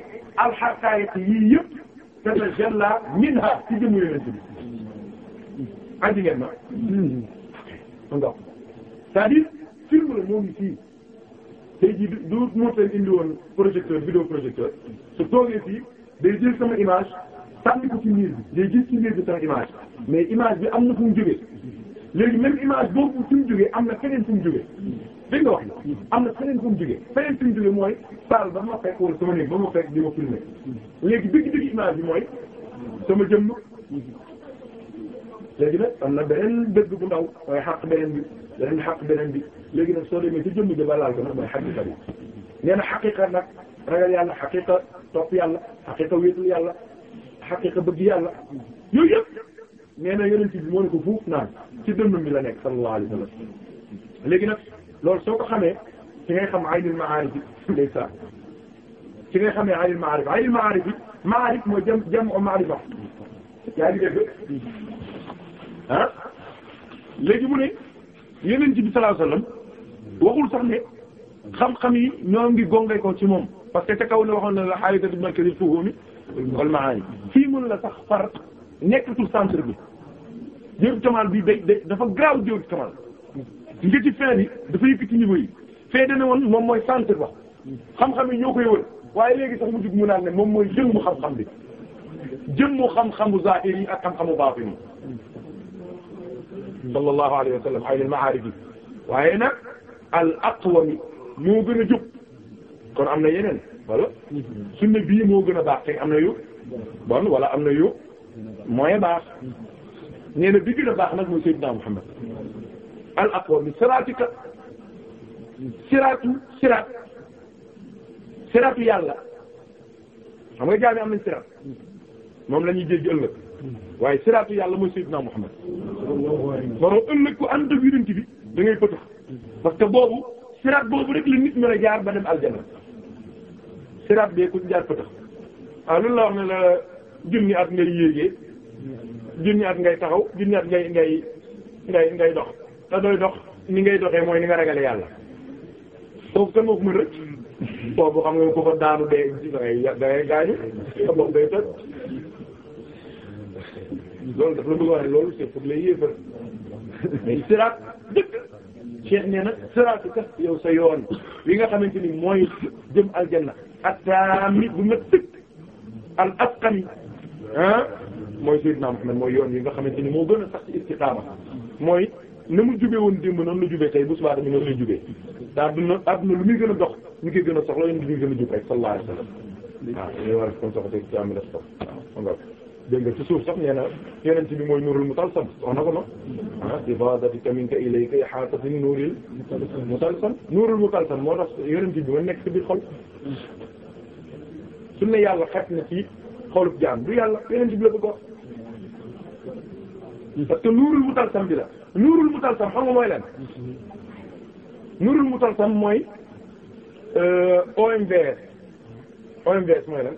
alxaqaa'iq yii yëpp tajalla minha ci jëmm yonent bi andi ngeen ma nga c'est-à-dire film la moo ngi fii jii du moo seen indi woon projecteur vidéo projecteur su toogee fii day jël sama image sànni ko ci miir bi day gis ci bi sama image mais image bi am na fu mu jógee léegi même image boobu fu mu am na feneen fu mu jógee dégg na am na feneen fu mu jógee feneen fu mu jógee mooy salle ba ma fekk wala sama néeg ba ma fekk di ma filmé léegi dëgg-dëgg image bi mooy sama jëmm léegi nag am na beneen dëgg bu ndaw mooy xaq beneen bi beneen xaq beneen bi léegi nag soo demee ci jëmm ji ba laal ko nag bi na xaqiqa nag ragal yàlla xaqiqa topp yàlla xaqiqa wéetul yàlla xaqiqa bëgg yàlla yooyu yëpp nee na yonent bi moo ko fuuf naan ci dënnum bi la nekk sallallahu alayhi wa sallam léegi nag loolu soo ci ngay xam aynul maarif bi ndeysaan ci ngay xamee aynul maarif aynul maarif bi maarif o maarifa ah léegi mu ne yeneen ci bi sallallahu alayhi waxul sax ne xam-xam yi ñoo ngi gongee ko ci moom parce que ca kaw ne waxoon na la xaalis bi markaz al fuhumi wal maani fii mën la sax far nekkatul centre bi jëru kamal bi day day dafa graw jëru kamal nga ci fin bi dafa yëkkati niveau yi fee dana woon moom mooy centre ba xam-xam yi ñoo koy wër waaye léegi sax mu jug mu naan ne moom mooy jëmmu xam-xam bi jëmmu xam-xamu zahir yi ak xam-xamu baatin yi sallallahu alayhi wa sallam waaye nag al gën a jub kon am na yeneen wala sunna bi moo gën a baax te am na yu bon wala am na yu mooy baax nee na bi gën a baax nag mooy Seydina Muhammad al aqwami siraatika siraatu siraat siraatu yàlla xam nga jaami am nañ siraat moom la ñuy jéggi waaye siraatu yàlla mooy Seydina Muhammad waroo ëllëg ku ànd ak bi da ngay parce que boobu siraat boobu rek la nit mën a jaar ba dem aljana siraat bee ku jaar pëtax waaw ah, loolu la wax ne la junni at ngay yéegee junni at ngay taxaw junni at ngay ngay ngay ngay dox te doy dox ni ngay doxee mooy ni nga ragale yàlla kooku kan moo ko mën boobu xam nga ko fa daanu dee da gaañu sa bopp day toj loolu daf la bëgg a wax ne loolu c'est pour les yéefar mais siraat dëgg Cheikh nee sa yoon wi nga xamante ni mooy jëm aljanna attaami bu ma tëgg al asqami ah mooy Seydina Muhammad mooy yoon wi nga xamante ni moo gën a sax ci na mu jubee woon démb noonu la jubee tey bu subaa tamit noonu lay jubee te adduna adduna lu muy gën a dox ñu koy gën a soxla yoon bi ñu gën a jub rek sallallahu alayhi wa sallam waaw li dégg nga ci suuf sax nee na yeneen ci bi mooy nuurul mutalsam wax na ko noonu ah ifadatika minka ilayka ihatati nuuril mutalsam nuurul mutalsam moo tax yeneen ci bi ma nekk ci biir xol su ne yàlla xet na ci xolub jaam du yàlla yeneen ci bi la bëgg wax parce que nuurul mutalsam bi la nuurul mutalsam xam nga mooy lan nuurul mutalsam mooy euh, OMVS OMVS mooy lan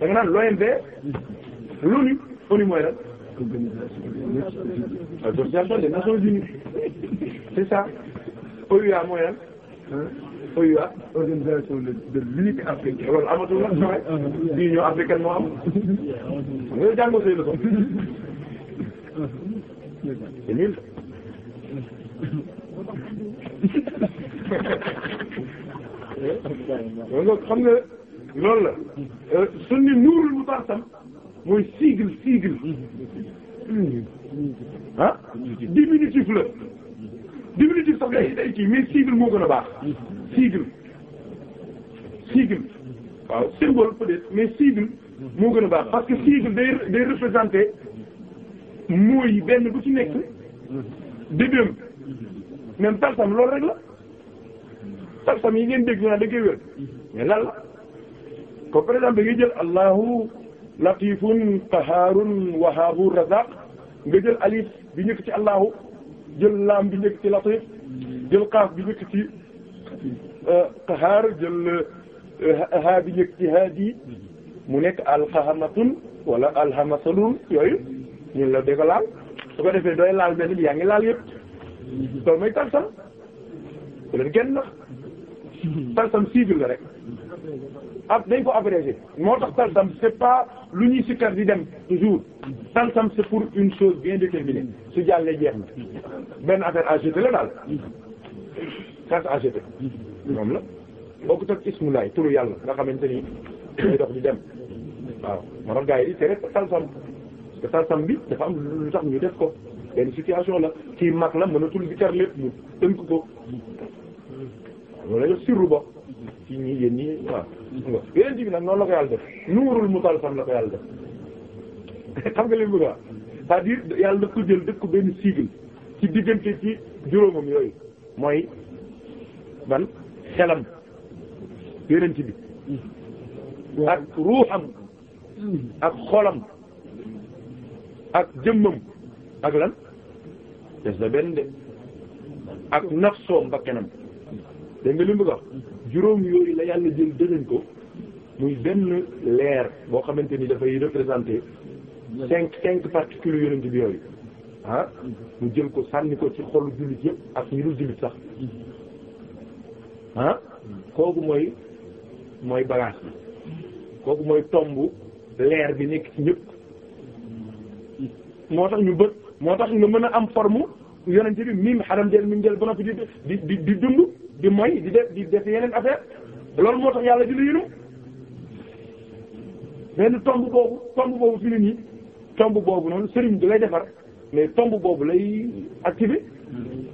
da nga naan l'OMV l'ONU ONU mooy lan organisation des nations unies c'est ça OUA mooy lan OUA organisation de l'unité africaine loolu amatul la saway union africaine moo am nga jàngoo say leçon c'est nul xam nga loolu la euh, sunni nuurul mubassam mooy sigle sigle ah diminutif la diminutif sax day day kii mais sigle moo gën a baax sigle sigle waaw symbole peut-être mais sigle moo gën a baax parce que sigle day day représenter mooy benn bu ci nekk début même talsam loolu rek la talsam yi ngeen dégg naa da koy wér mais lan la ko par exemple da ngay jël allahu latifun qaharun wahabu razaq nga jël alif bi njëkk ci allahu jël laam bi njëkk ci latif jël qaaf bi njëkk ci qahar euh, jël euh, ha bi njëkk haadi mu nekk alxahamatun wala alxamasalun yooyu ñun la dégg laal su ko defee dooy laal benn bi yaa ngi laal yëpp loolu mooy tal sax bu leen salsam cible la rek ab dañ ko abrégé moo tax salsam c'est pas lu ñuy sikkar di dem toujours salsam c'est pour une chose bien déterminée su jàllee jeex na benn affaire à jeter la daal sas à jeter moom la bokkut ak ismulaay turu yàlla nga xamante ni day dox di dem waaw moo tax gars di tere salsam salsam bi dafa am lu tax ñu def ko benn situation la kii mag la mënatul sikkar lépp mu tënk ko wala yow sirru ba ci ñii yéen ñii waaw nag noonu la ko yàlla def nuurul mutalsam la ko yàlla def xam nga li mu bëgg cest à yàlla daf jël def ko benn sigle ci diggante ci juróomam yooyu mooy ban xelam yeneen bi ak ruuxam ak xolam ak jëmmam ak lan des na benn de ak nafsoom bakkanam dégg nga li mu bëgg juróom yooyu la yàlla jël dëxëñ ko muy benn leer boo xamante ni dafay représenté cinq cinq particules yonent bi yooyu ah mu jël ko sànni ko ci xolu jullit yëpp ak ni dul jullit sax ah kooku mooy mooy bagage bi kooku mooy tomb leer bi nekk ci ñëpp moo tax ñu bët moo tax nga mën a am forme yonent bi miim xaram jël mi jël ba noppi di di di dund di mooy di def di def yeneen affaire loolu moo tax yàlla di la yëngu benn tomb boobu tomb boobu fi mu nii tomb boobu noonu sëriñ bi lay defar mais tomb boobu lay activé.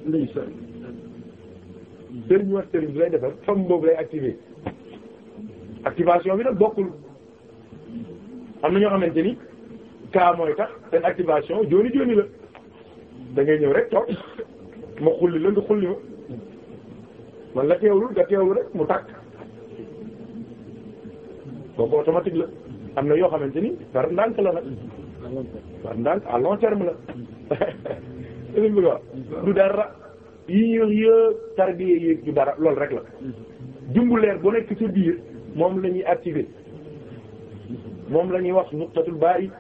lay sori lay defar tomb boobu lay activé activation bi nag bokkul am na ñoo xamante ni cas mooy tax seen activation jooni jooni la da ngay ñëw rek toog ma xulli la xulli ma. man la teewlul nga teewlu rek mu takk kooku automatique la am na yoo xamante ni par ndànk la nag par ndànk long terme la du dara yi ñuy yëpp tarbiya yi du dara loolu rek la jumbuleer bu nekk ci biir moom la ñuy activer moom la ñuy wax nuqtatul ba'i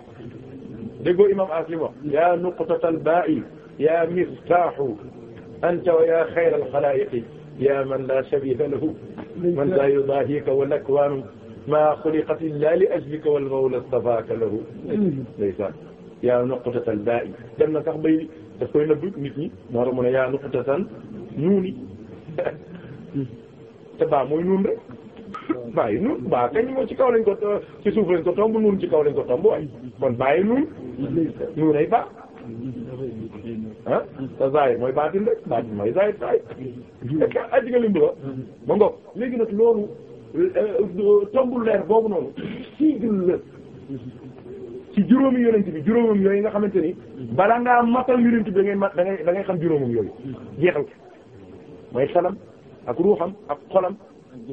déggoo imam aslim wax yaa nuqtatal ba'i yaa miftahu wa yaa xayral xalaayiqi yaa man laa shabiiha lahu man laa yudaahiika wa nakwaanu maa xuliqat illaa li ajlika wal mawla stafaaka lahu ndeysaan yaa nuqtatal baa'i dem na sax bay daf koy nëbb nit ñi moo tax mu ne yaa nuqtatan nuuni te baa mooy nuun rek bàyyi nuun baa kañ moo ci kaw lañ ko ci suuf lañ ko tomb nuun ci kaw lañ ko tomb waaye kon bàyyi nuun nuun ay baa ah te zahir mooy baatin rek baatin mooy zahir zahir mm-hmm. aji nga limb la ma léegi nag loolu euh, euh, tombul leer boobu noonu sii gën la mm-hmm. ci juróomi yonent bi juróomam yooyu nga xamante ni mm-hmm. bala ngaa matal yonent bi da ngay mat da da ngay xam juróomam yooyu jeexal ko mooy xelam ak ruuxam ak xolam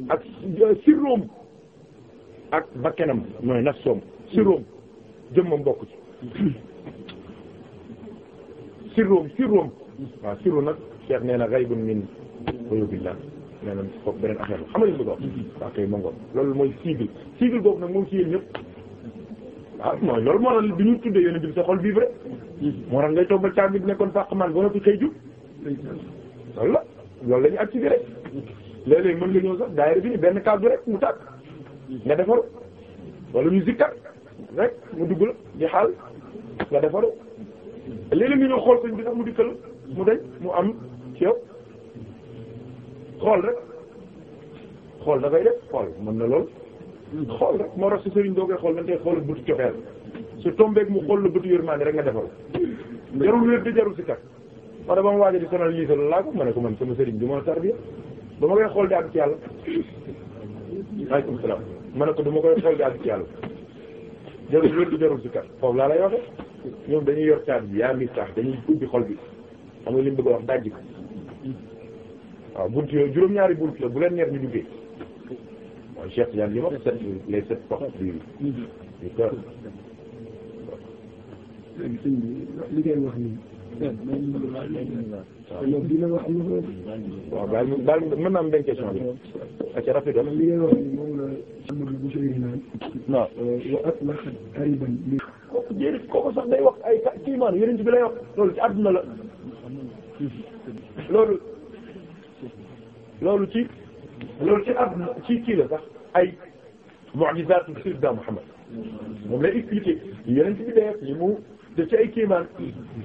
ak euh, sirroom ak bakkenam mooy nafsoom sirroom jëmmam bokk ci sirroom sirroom waaw sirru nag Cheikh nee na raybun min uyubillah na foofu beneen affaire la xam nga li a wax. waaw kay loolu mooy sigle sigle boobu nag moom ci yéen ñëpp ah mooy loolu moo tax bi ñu tuddee yéen a sa xol bii vrai moo tax ngay toog ba càmm bi nekkoon fàq man ba nga fi xëy loolu la loolu la ñu rek léeg-léeg mën nga ñëw sax daayira bi ni benn kàddu rek mu tàkk nga defaru wala ñu zikkar rek mu dugg la di xaal nga defaru léeg-léeg nga ñëw xool sëñ bi sax mu dikkal mu dañ mu am ci yow xool rek xool dafay def xool mën na lool xool rek moo tax si sëriñ doo koy xool dañ koy xool bëtu cofeel su tombeeg mu xool la bëtu yërmande rek nga defal jarul wér di jarul si kat ma dama waaja di sonal lii solo laa ko ma ne ko man sama sëriñ du ma tarbiya ba ma koy xool di àgg ci yàlla aleykum salaam ma ne ko du koy xool di àgg ci yàlla jarul wér di jarul si kat foofu laa lay waxe ñoom dañuy yor caabi bi yaa miftaax dañuy ubbi xol bi xam nga li mu bëgg a wax dajji ko waaw bunt yooyu juróom-ñaari bunt la bu leen neex ñu duggee mooy Cheikh Tidiane li ma sept les sept portes du du cœur. léegi sëñ bi waaw baal ma baal ma mën naa am benn question bi. ok rapide am. li ngeen wax ni moom la. non. kooku jërëjëf kooku sax day wax ay kii maanaam yonent bi lay wax loolu ci àdduna la loolu loolu ci loolu ci àdduna ci kii la sax ay mu'jizaat Sayyidina Muhammad moom lay expliqué yonent bi day wax ni mu. def ci ay kéemaan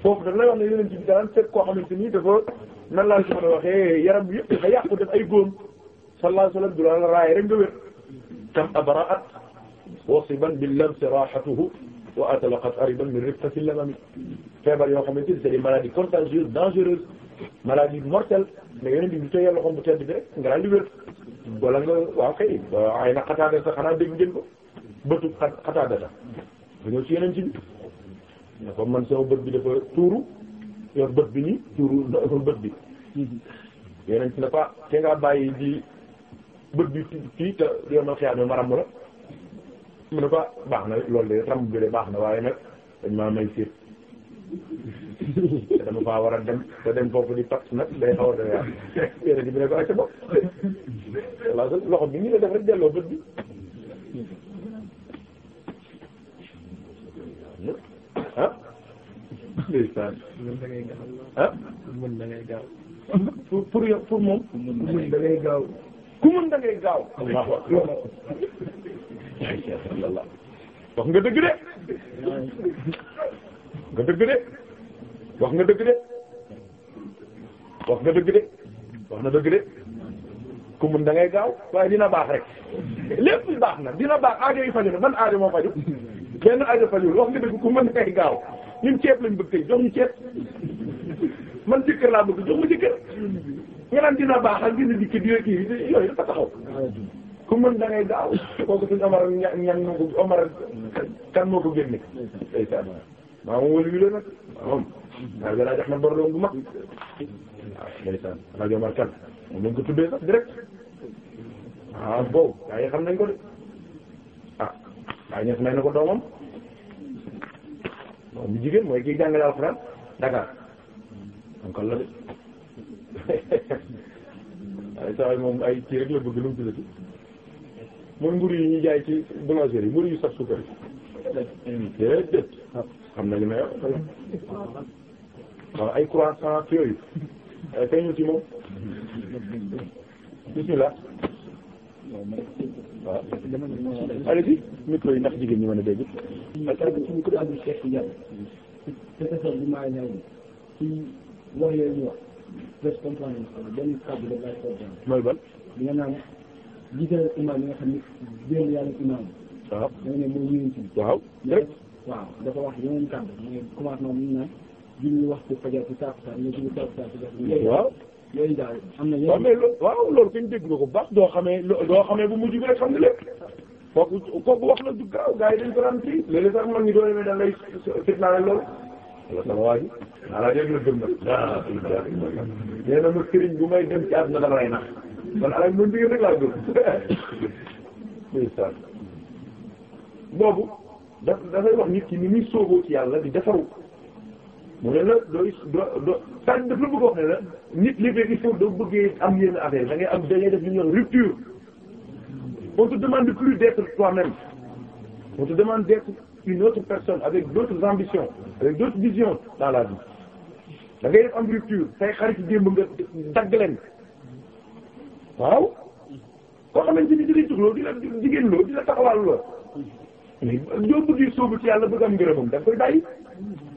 foofu daf lay wax ne yeneen ci bi daan fekk koo xamante ni dafa nan laa si mën a waxee yaram yëpp dafa yàqu ay góom sallallahu alayhi wa sallam du la raay rek nga a tam abraat wasiban bi lamsi rahatuhu wa atlaqat ariban min riqtati lamami feebar yoo xamante ni c'est des maladies contagieuses dangereuses maladie mortelle mais yeneen di bi tey yàlla xam bu tedd bi rek nga daal di wér wala nga waaw kay ay na xataada sax xanaa dégg ngeen ko bëtu xataada sax dañoo ne ko man sama bët bi dafa tuuru yor bët bi nii tuuru yor bët bi yeneen ci ne ko te ngaa bàyyi di bët bi fii te yor na xiyaat ma ràmm la mu ne ko baax na loolu de ràmm bi de baax na waaye nag dañ maa may séet te dama faa war a dem te dem foofu di pat nag day xaw a doy waar bi ne ko acca bopp loxo bi nii la def rek delloo bët bi daal ah da ngay gaaw pour pour pour moom mën da gaaw ku mën da ngay gaaw wax nga dëgg de nga dëgg de wax nga dëgg de wax nga dëgg de wax na dëgg de da ngay gaaw waaye dina baax rek lépp baax na dina baax aajo yi faju na ban aajo moo faju kenn aajo fajul wax nga dëgg ku mën gaaw ñun ceeb lañ bëgg tey jox ñu ceeb man jëkkër laa bëgg jox ma nga naan dina baaxal dina dikk di kii yooyu dafa taxaw ku mën da ngay daaw kooku Omar ña kan moo ko génne. ndeysaan maa moom wëlu wi na bor doom bu mag waaw ndeysaan rajo Omar kan moom lañ ko tuddee sax direct ah boobu ko de ah gaa ñes may na ko doomam moom bu jigéen mooy kiy jàngale alxuraan Dakar kon kon la de ay saa moom ay kii rek la bëgg lu mu tuddati mooy mburu yi ñuy jaay ci boulangerie yi mburu yu saf yi déedéet xam na li may wax waaw ay croissant yooyu ay feeñul ci moom bismillah waaw allez a micro yi ndax jigéen ñi mën a ma dégg. mooy ban. di nga naan jiital imaam yi nga xam ne benn yàlla imaam. waaw da nga ne mooy yéen ci. waaw rek waaw dafa wax yeneen kàddu. mu ne commencement mu ngi naan julli waxtu fajar ci tàkkusaan ñu julli tàkkusaan ci waaw. yooyu daal am na waaw mais loolu waaw loolu kañ déglu ko baax doo xamee doo xamee bu mujj bi rek xam nga lépp kooku kooku wax la du gaaw gars yi dañ ko daan fii léegi sax man ñu doon yemee dañ lay fitnaale loolu wala sama waa ji ala dégg la gëm nag a nee na ma sëriñ bu may dem ci àdduna dama lay nax man ala mën digén rek laa gëm ndeysaan boobu da dafay wax nit ki ni muy sooboo ci yàlla di defaru mu ne la dooy do daal daf la bëgg bëggee am yenn affaire da am da ngay def li ñuy rupture on te demande plus d'être toi-même on te demande d'être une autre personne avec d'autres ambitions avec d'autres visions dans la vie da ngay def am rupture say xarit démb nga dagg leen waaw koo xamante ni dinañ tuxloo dina jigéen loo dina taxawal loo doo bëggee sóobu ci yàlla bëgg am ngërëmam da nga koy bàyyi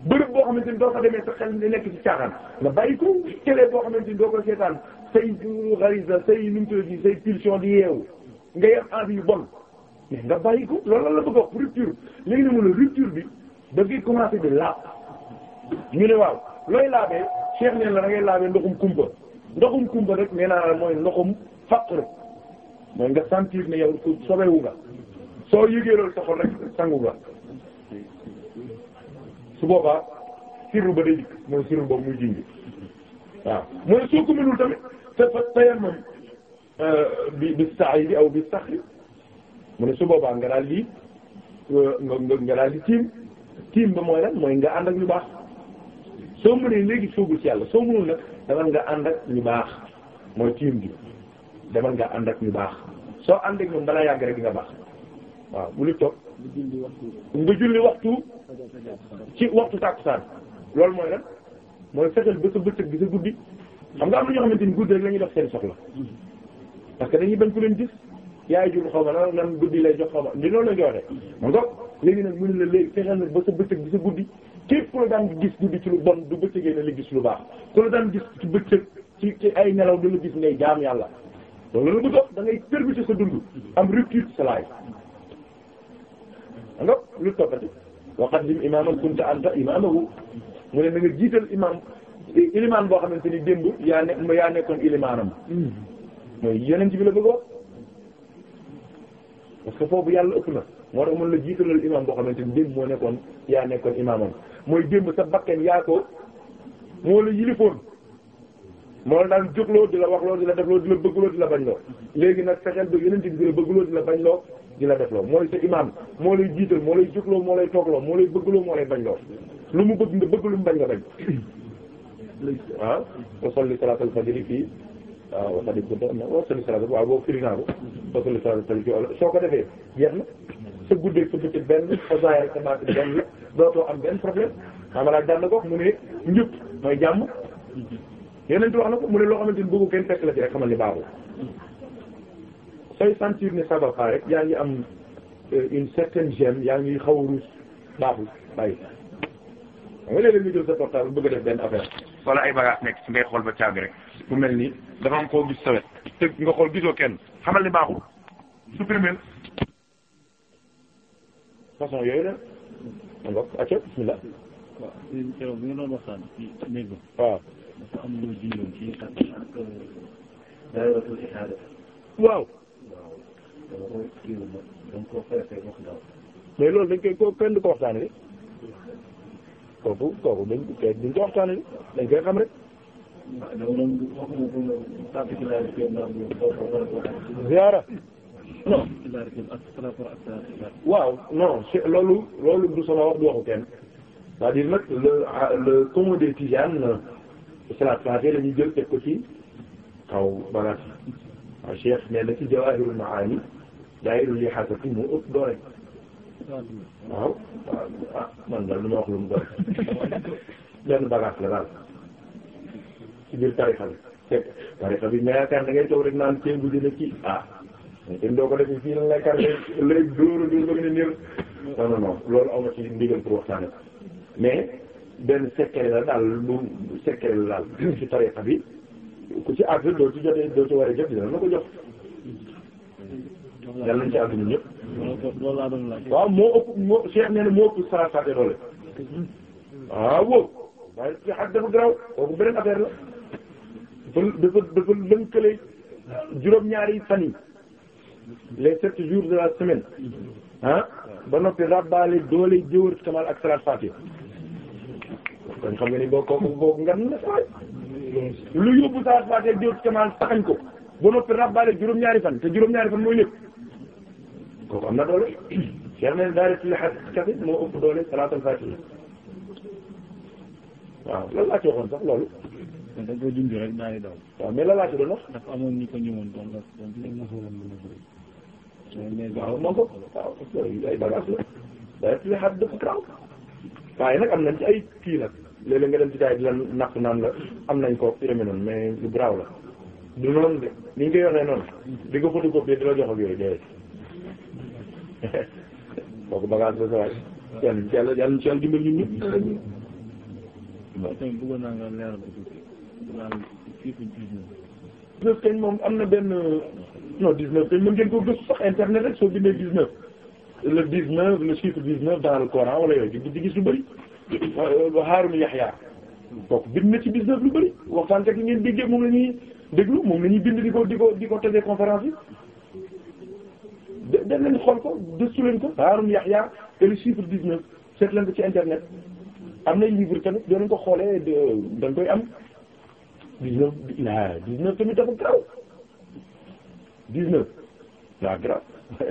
bërëb boo xamante ni doo ko demee sa xel nekk ci caaxaan nga bàyyi ko télé boo xamante ni doo ko seetaan say xarisa say numtologie say pulsion di yeewu nga yem envie yu bon mais nga bàyyi ko loolu la bëgg a wax rupture léegi ne mun bi da ngay commencé di laab ñu ne waaw looy laabee cheikh neen la da ngay laabee ndoxum kumpa ndoxum kumpa rek nee naa mooy ndoxum faqr mooy nga sentir na yow sobewu nga soo yëgee loolu taxul rek sangu nga su boobaa sirru ba day dikk mooy sirru boobu muy junj waaw mooy soo ko tamit te fa tayammam euh, bi bi sa'i bi aw bi saxri mu ne su boobaa nga daal di nga nga daal di tiim tiim ba mooy lan mooy nga ànd ak ñu baax soo mënee léegi soogul ci yàlla soo mënul nag demal nga ànd ak ñu baax mooy tiim bi demal nga ànd ak ñu baax soo ànd ak ñoom balaa yàgg rek di nga baax waaw bu lu toog nga julli waxtu. nga julli waxtu ci waxtu tàkkusaan loolu mooy lan mooy fexeel ba sa bëccëg bi sa guddi xam nga am na ñoo xamante ni guddi rek la ñuy dox seen soxla parce que dañuy bañ ku leen gis yaay jur xaw ma nan nan guddi lay jox xaw ma di loolu la ñu waxee. xam nga léegi nag mën la léegi fexeel nag ba sa bëccëg bi sa guddi képp ku la daan gis guddi ci lu bon du bëccëgee na la gis lu baax ku la daan gis ci bëccëg ci ci ay nelaw du la gis ngay jaam yàlla loolu la bëgg da ngay permettre sa dund am rupture sa life nga lu toppati wa qaddim imaaman kunta anta imaamahu mu ne na nga jiital imaam boo xamante ni démb yaa ne yaa nekkoon ilimaanam mooy yeneen ci bi la bëggoon parce foofu yàlla ëpp na moo tax mën la jiitalal imaam boo xamante ni démb moo nekkoon yaa nekkoon imaamam mooy démb sa bakken yaa ko moo la yilifoon moo la daan jógloo di la waxloo di la defloo di la bëggloo di la bañloo léegi nag fexeel ba yeneen ci bi di la bëggloo di la bañloo di la def loo mooy sa imaam moo lay jiital moo lay jógloo moo lay toogloo moo lay bëggloo moo lay bañ loo lu mu bëgg nga bëgg lu mu bañ nga bañ ah, ah, waaw wasalli salaatal soo ko defee jeex na sa guddeeg sa bëccëg benn sa zaahir ak benn la dootoo am benn problème xama laaj daan na ko mu ne njub mooy jàmm mm-hmm. yeneen wax na ko mu ne loo xamante ni bëggu kenn fekk la ci rek xamal ni baaxul sooy sentir ne ça va pas rek yaa ngi am euh, une certaine gêne yaa ngi xaw a ruus baaxul bàyyi xam nga léeg-léeg nga jël ay bagages nekk ci ngay xool ba caag rek bu mel ni dafa am koo gis sawet te nga xool gisoo kenn xamal ni baaxul supprimer fason yooyu la bok aco bismillah waaw waaw mais loolu dañ ko kenn du ko waxtaane de kooku kooku dañ koy duñ ko waxtaane de dañ koy xam rek. ziyaara non waaw non c'est loolu loolu du sama wax du waxu kenn c'est-à-dire nag le le commun des tijanes salaat faatiha jël teg ko ci kaw bagaas Cheikh nee na ci Jawahirul Maani daayiru li xaasati mu ëpp doole. waaw waaw ah, man daal lu ma wax lu mu doole. la daal ci biir tarixa bi. te tarixa bi mais yaakaar da ngay toog rek naan ceeb bi dina kii ah. te ko defee lay kar léegi dóor dóor ba ngeen niir. non non non loolu aw ma ci ndigal pour waxtaane ko benn secret la daal lu secret la daal ci bi. ku ci àgg doo ci jotee doo ci a jot dina la ko jox yàlla nañ ci àgg ñun waaw moo ëpp moo Cheikh nee moo ëpp saa saa te doole ah, waaw waaye ci xaj dafa garaaw kooku beneen affaire la dafa dafa lënkale juróom-ñaari fan yi les sept jours de la semaine ah ba noppi rabbaale doole jëwër kamal ak salaat faatiha kon xam nga ni boo kooku boo ngan na lu yóbbu saa su waatee jot a saxañ ko ba noppi rabbaale juróom-ñaari fan te juróom-ñaari fan mooy lépp kooku am na doole. yaa ngi ne daal di kese moo ëpp doole salaatul faatiha waaw lan laa ci waxoon sax loolu. kon da nga koy rek daal di daw. waaw mais lan laa ci doon wax. dafa amoon ñu ko ñëwoon donc donc li nga xam ne waaw moo ko ay bagages la daal di dafa garaaw waaye nag am nañ ci ay kii nag. léeg-léeg nga dem ci gars yi di la napp naan la am nañ ko yéeme noonu mais lu garaaw la du noonu de ni ñu koy waxee noonu di ko photocopie di la jox ak yooyu déedéet kooku bagage la sa waay yàlla yàlla yàlla ñu ci yàlla dimbali ñun ñëpp. bëggoon naa nga moom am na benn non dix-neuf kañ mën ngeen ko gëstu sax internet rek soo bindee dix-neuf le dix-neuf le chiffre dix-neuf dans le Coran wala yooyu di gis lu bëri. Haarun Yaxya kooku bind na ci business lu bëri waxtaan kat yi ngeen déggee moom la ñuy déglu moom la ñuy bind di ko di ko di ko tëjee conférence yi dem leen xool ko gëstu leen ko Haarun Yaxya et le chiffre 19 seet leen ci internet am nay livre tamit doo leen ko xoolee da nga koy am 19 ah 19 tamit dafa graw 19 waaw graw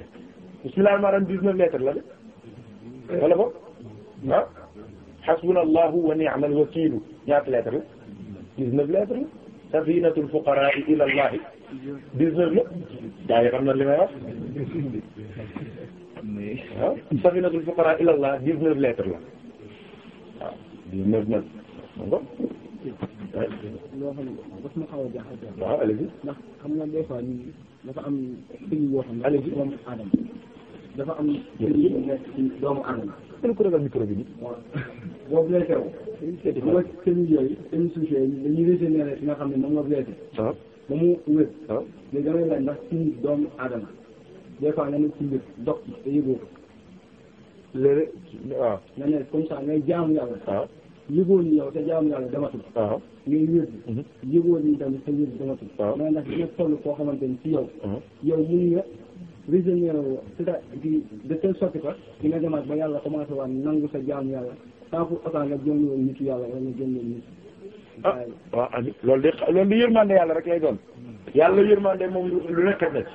bismillah maanaam la de wala boog ah xasbunallahu wa ni'mal wakiilu ñaata lettre la dix-neuf lettre la safinatul fuqaraa ila allah dix-neuf la gaa yi xam na li may wax waaw safinatul fuqaraa ila allah dix-neuf lettre la waaw dix-neuf nag nga loo xam ne daf ma xaw a jaaxal waaw allez-y ndax xam nga des fois ñu dafa am sëñ boo xam ne allez-y doomu aadama dafa am sëñ nekk ci doomu aadama kenn ku ragal micro bi nii. boobu lay sew. seeti xam nga cellules yooyu cellules souches yooyu dañuy régénérer nga xam ne moom la blessé. waaw ba mu wér. waaw léegi damay laaj ndax suñu doomu aadama des fois nga ne ci mbir dox ci te yëgoo ko. léeg waaw. nga ne comme ça ngay jaamu yàlla. waaw yëgoo ni te jaamu yàlla dematul. waaw ngay wér. yëgoo ni tamit sa wér dematul. waaw mais ndax dina toll koo xamante ni ci yow. yow mun nga. visionnaire woo c'est-à-dire di de telle sorte que di nga ba yàlla commencé waat nangu sa jaam yàlla sans pour autant nga jëm woon nit yàlla wala nga lool woon nit. Ah, de loolu de yërmande yàlla rek lay doon. yàlla yërmande moom lu nekk na ci.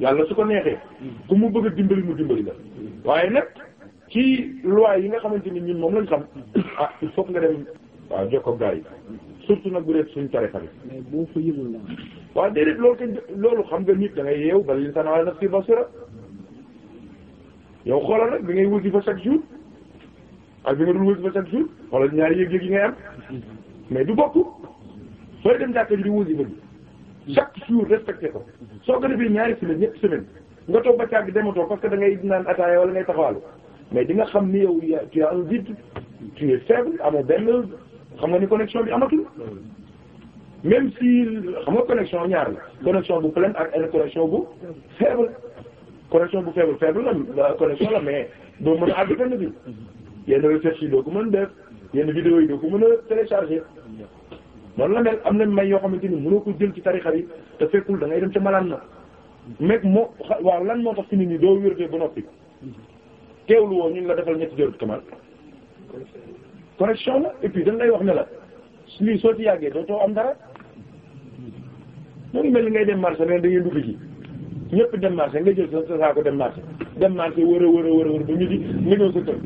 yàlla su ko neexee. ku mu bëgg a dimbali mu dimbali la. waaye nag ci loi yi nga xamante ni ñun moom lañ xam. ah il nga dem. waaw jokkoo ak surtout nag bu dee suñ tarixa bi. mais boo fa yëgul na. waaw loolu xam nga nit da ngay yeew bal insaana alaa nafsihi basiira yow xoolal bi ngay wuti fa chaque jour ak bi nga dul wuti fa chaque jour xoolal ñaari yëg-yëg yi ngay am mais du bokk sooy dem jàkka ji di wuti fa ji jour respecté ko soo ko defee ñaari semaine ñetti semaine nga toog ba càgg dematoo parce que da ngay naan ataaya wala ngay taxawaalu mais di nga xam ni yow tu as un vide tu es xam nga ni connexion bi amatul même si xam nga connexion ñaar la connexion bu pleine ak connexion bu faible connexion bu faible faible la connexion la mais doo mën a àgg fenn bi yenn recherche yi doo def yenn vidéo yi doo ko mën a télécharger la am na may yoo xamante ni mënoo ko jël ci tarixa bi te fekkul da ngay dem ca malaan na meg moo waaw lan moo tax fi nit ñi doo wér ba noppi teewlu woo ñun la defal ñetti jërët kamal correction la et puis dañ lay wax ne la lii soo ci yàggee dootoo am dara moo ngi mel ngay dem marché neen da ngeen dugg ñëpp dem marché nga jël sa saako dem marché dem marché wër a wër a wër a ñu di nga ñëw sa kër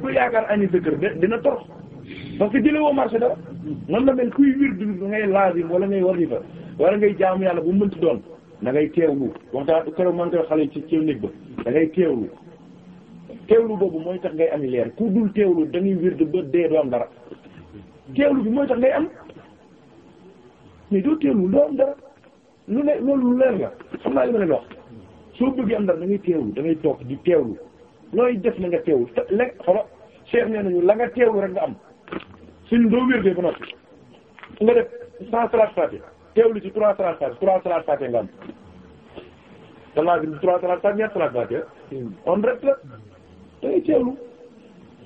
pour yaakaar añi sa kër dina torox parce que jële woo marché dara noonu la mel kuy wir du ngay lazim wala ngay war yi fa wala ngay jaamu yàlla bu mënti doon da ngay teewlu waxtaan keroog maa ngi koy xale ci ci néeg ba da ngay teewlu teewlu boobu mooy tax ngay am leer ku dul teewlu da ngay wird ba dee doo am dara teewlu bi mooy tax ngay am mais doo teewlu doo am dara lu ne loolu lu leer la xam naa li ma leen wax soo bëggee am dara da ngay teewlu da toog di teewlu looy def na nga teewlu te léegi xolo la nga rek nga am suñu doo wirdee ba noppi nga def cent salaat fatiha teewlu ci trois salaat fatiha trois salaat fatiha nga am trois salaat fatiha ñaar salaat da ngay teewlu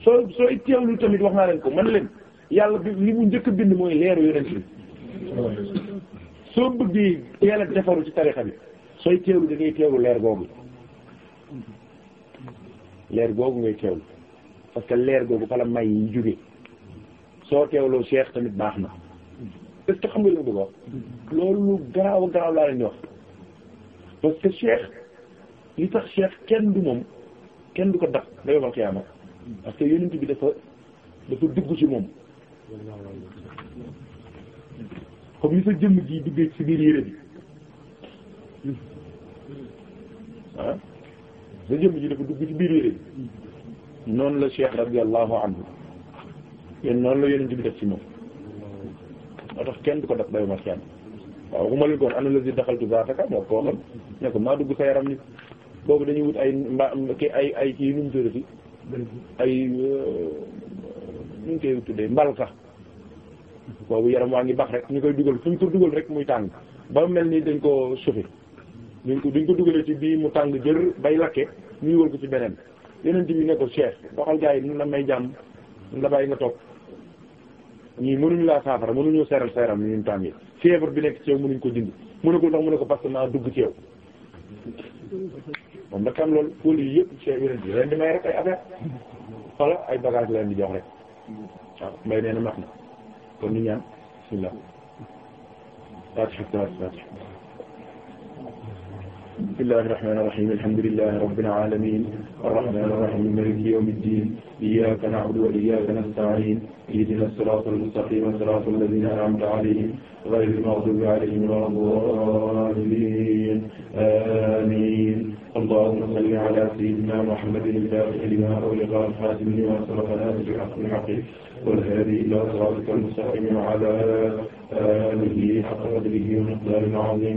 soo sooy teewlu tamit wax naa leen ko man leen yàlla bi li mu njëkk bind mooy leeru yonent bi soo bëggee teel a defaru ci tarixa bi sooy teewlu da ngay leer googu leer googu ngay teewlu parce que leer googu fa la may yi jóge soo teewloo Cheikh tamit baax na est-ce xam nga li ma bëgg wax loolu garaaw garaaw laa leen di wax parce que Cheikh tax Cheikh kenn du moom kenn du ko dab ba yomal xiyaama parce que yonent bi dafa dafa dugg ci moom comme ni sa jëmm ji duggee ci biir yére bi ah sa jëmm dugg ci biir yére bi noonu la Cheikh radiyallahu anhu yéen noonu la yonent bi def ci moom moo tax kenn du ko dab ba yomal xiyaama waaw bu ma leen ko waxee analyse daxaltu zaataka moo ko waxoon ne maa dugg sa yaram ni boobu dañuy wut ay mba ki ay ay kii nu mu tuddati ay euh, nu ñu koy tuddee mbal sax boobu yaram waa ngi bax rek ñu koy dugal fu ñu ko dugal rek muy tàng ba mel nii dañ ko sufi duñ ko duñ ko dugalee ci bii mu tàng jër bay lakke ñu dugal ko ci beneen yeneen bi ne ko chef waxal gars yi mun la may jàmm la bàyyi nga toog ñii mënuñu laa saafara mënuñoo seeral seeram ni ñun tàngee fièvre bi nekk ci yow mënuñ ko dindi mu ko ndax mu ne ko parce que naa dugg ci moom dafa am loolu fóol yi yëpp ci yeneen di may rek ay affaire wala ay bagage jox rek waaw mbay nee na mat na kon ñu ñaan bismillah bismillahi irrahmani irrahim alhamdulilahi rabilalamin arrahmani irrahim maliki yawmi ddin iyaka na'budu wa iyaka nasta'in ihdina sirata almustaqima sirata alladina an'amta alayhim غير المغضوب عليهم ولا الضالين آمين اللهم صل على سيدنا محمد الفاتح لما أغلق الخاتم لما سبق ناصر الحق بالحق والهادي إلى صراطك المستقيم وعلى آله حق قدره ومقدار عظيم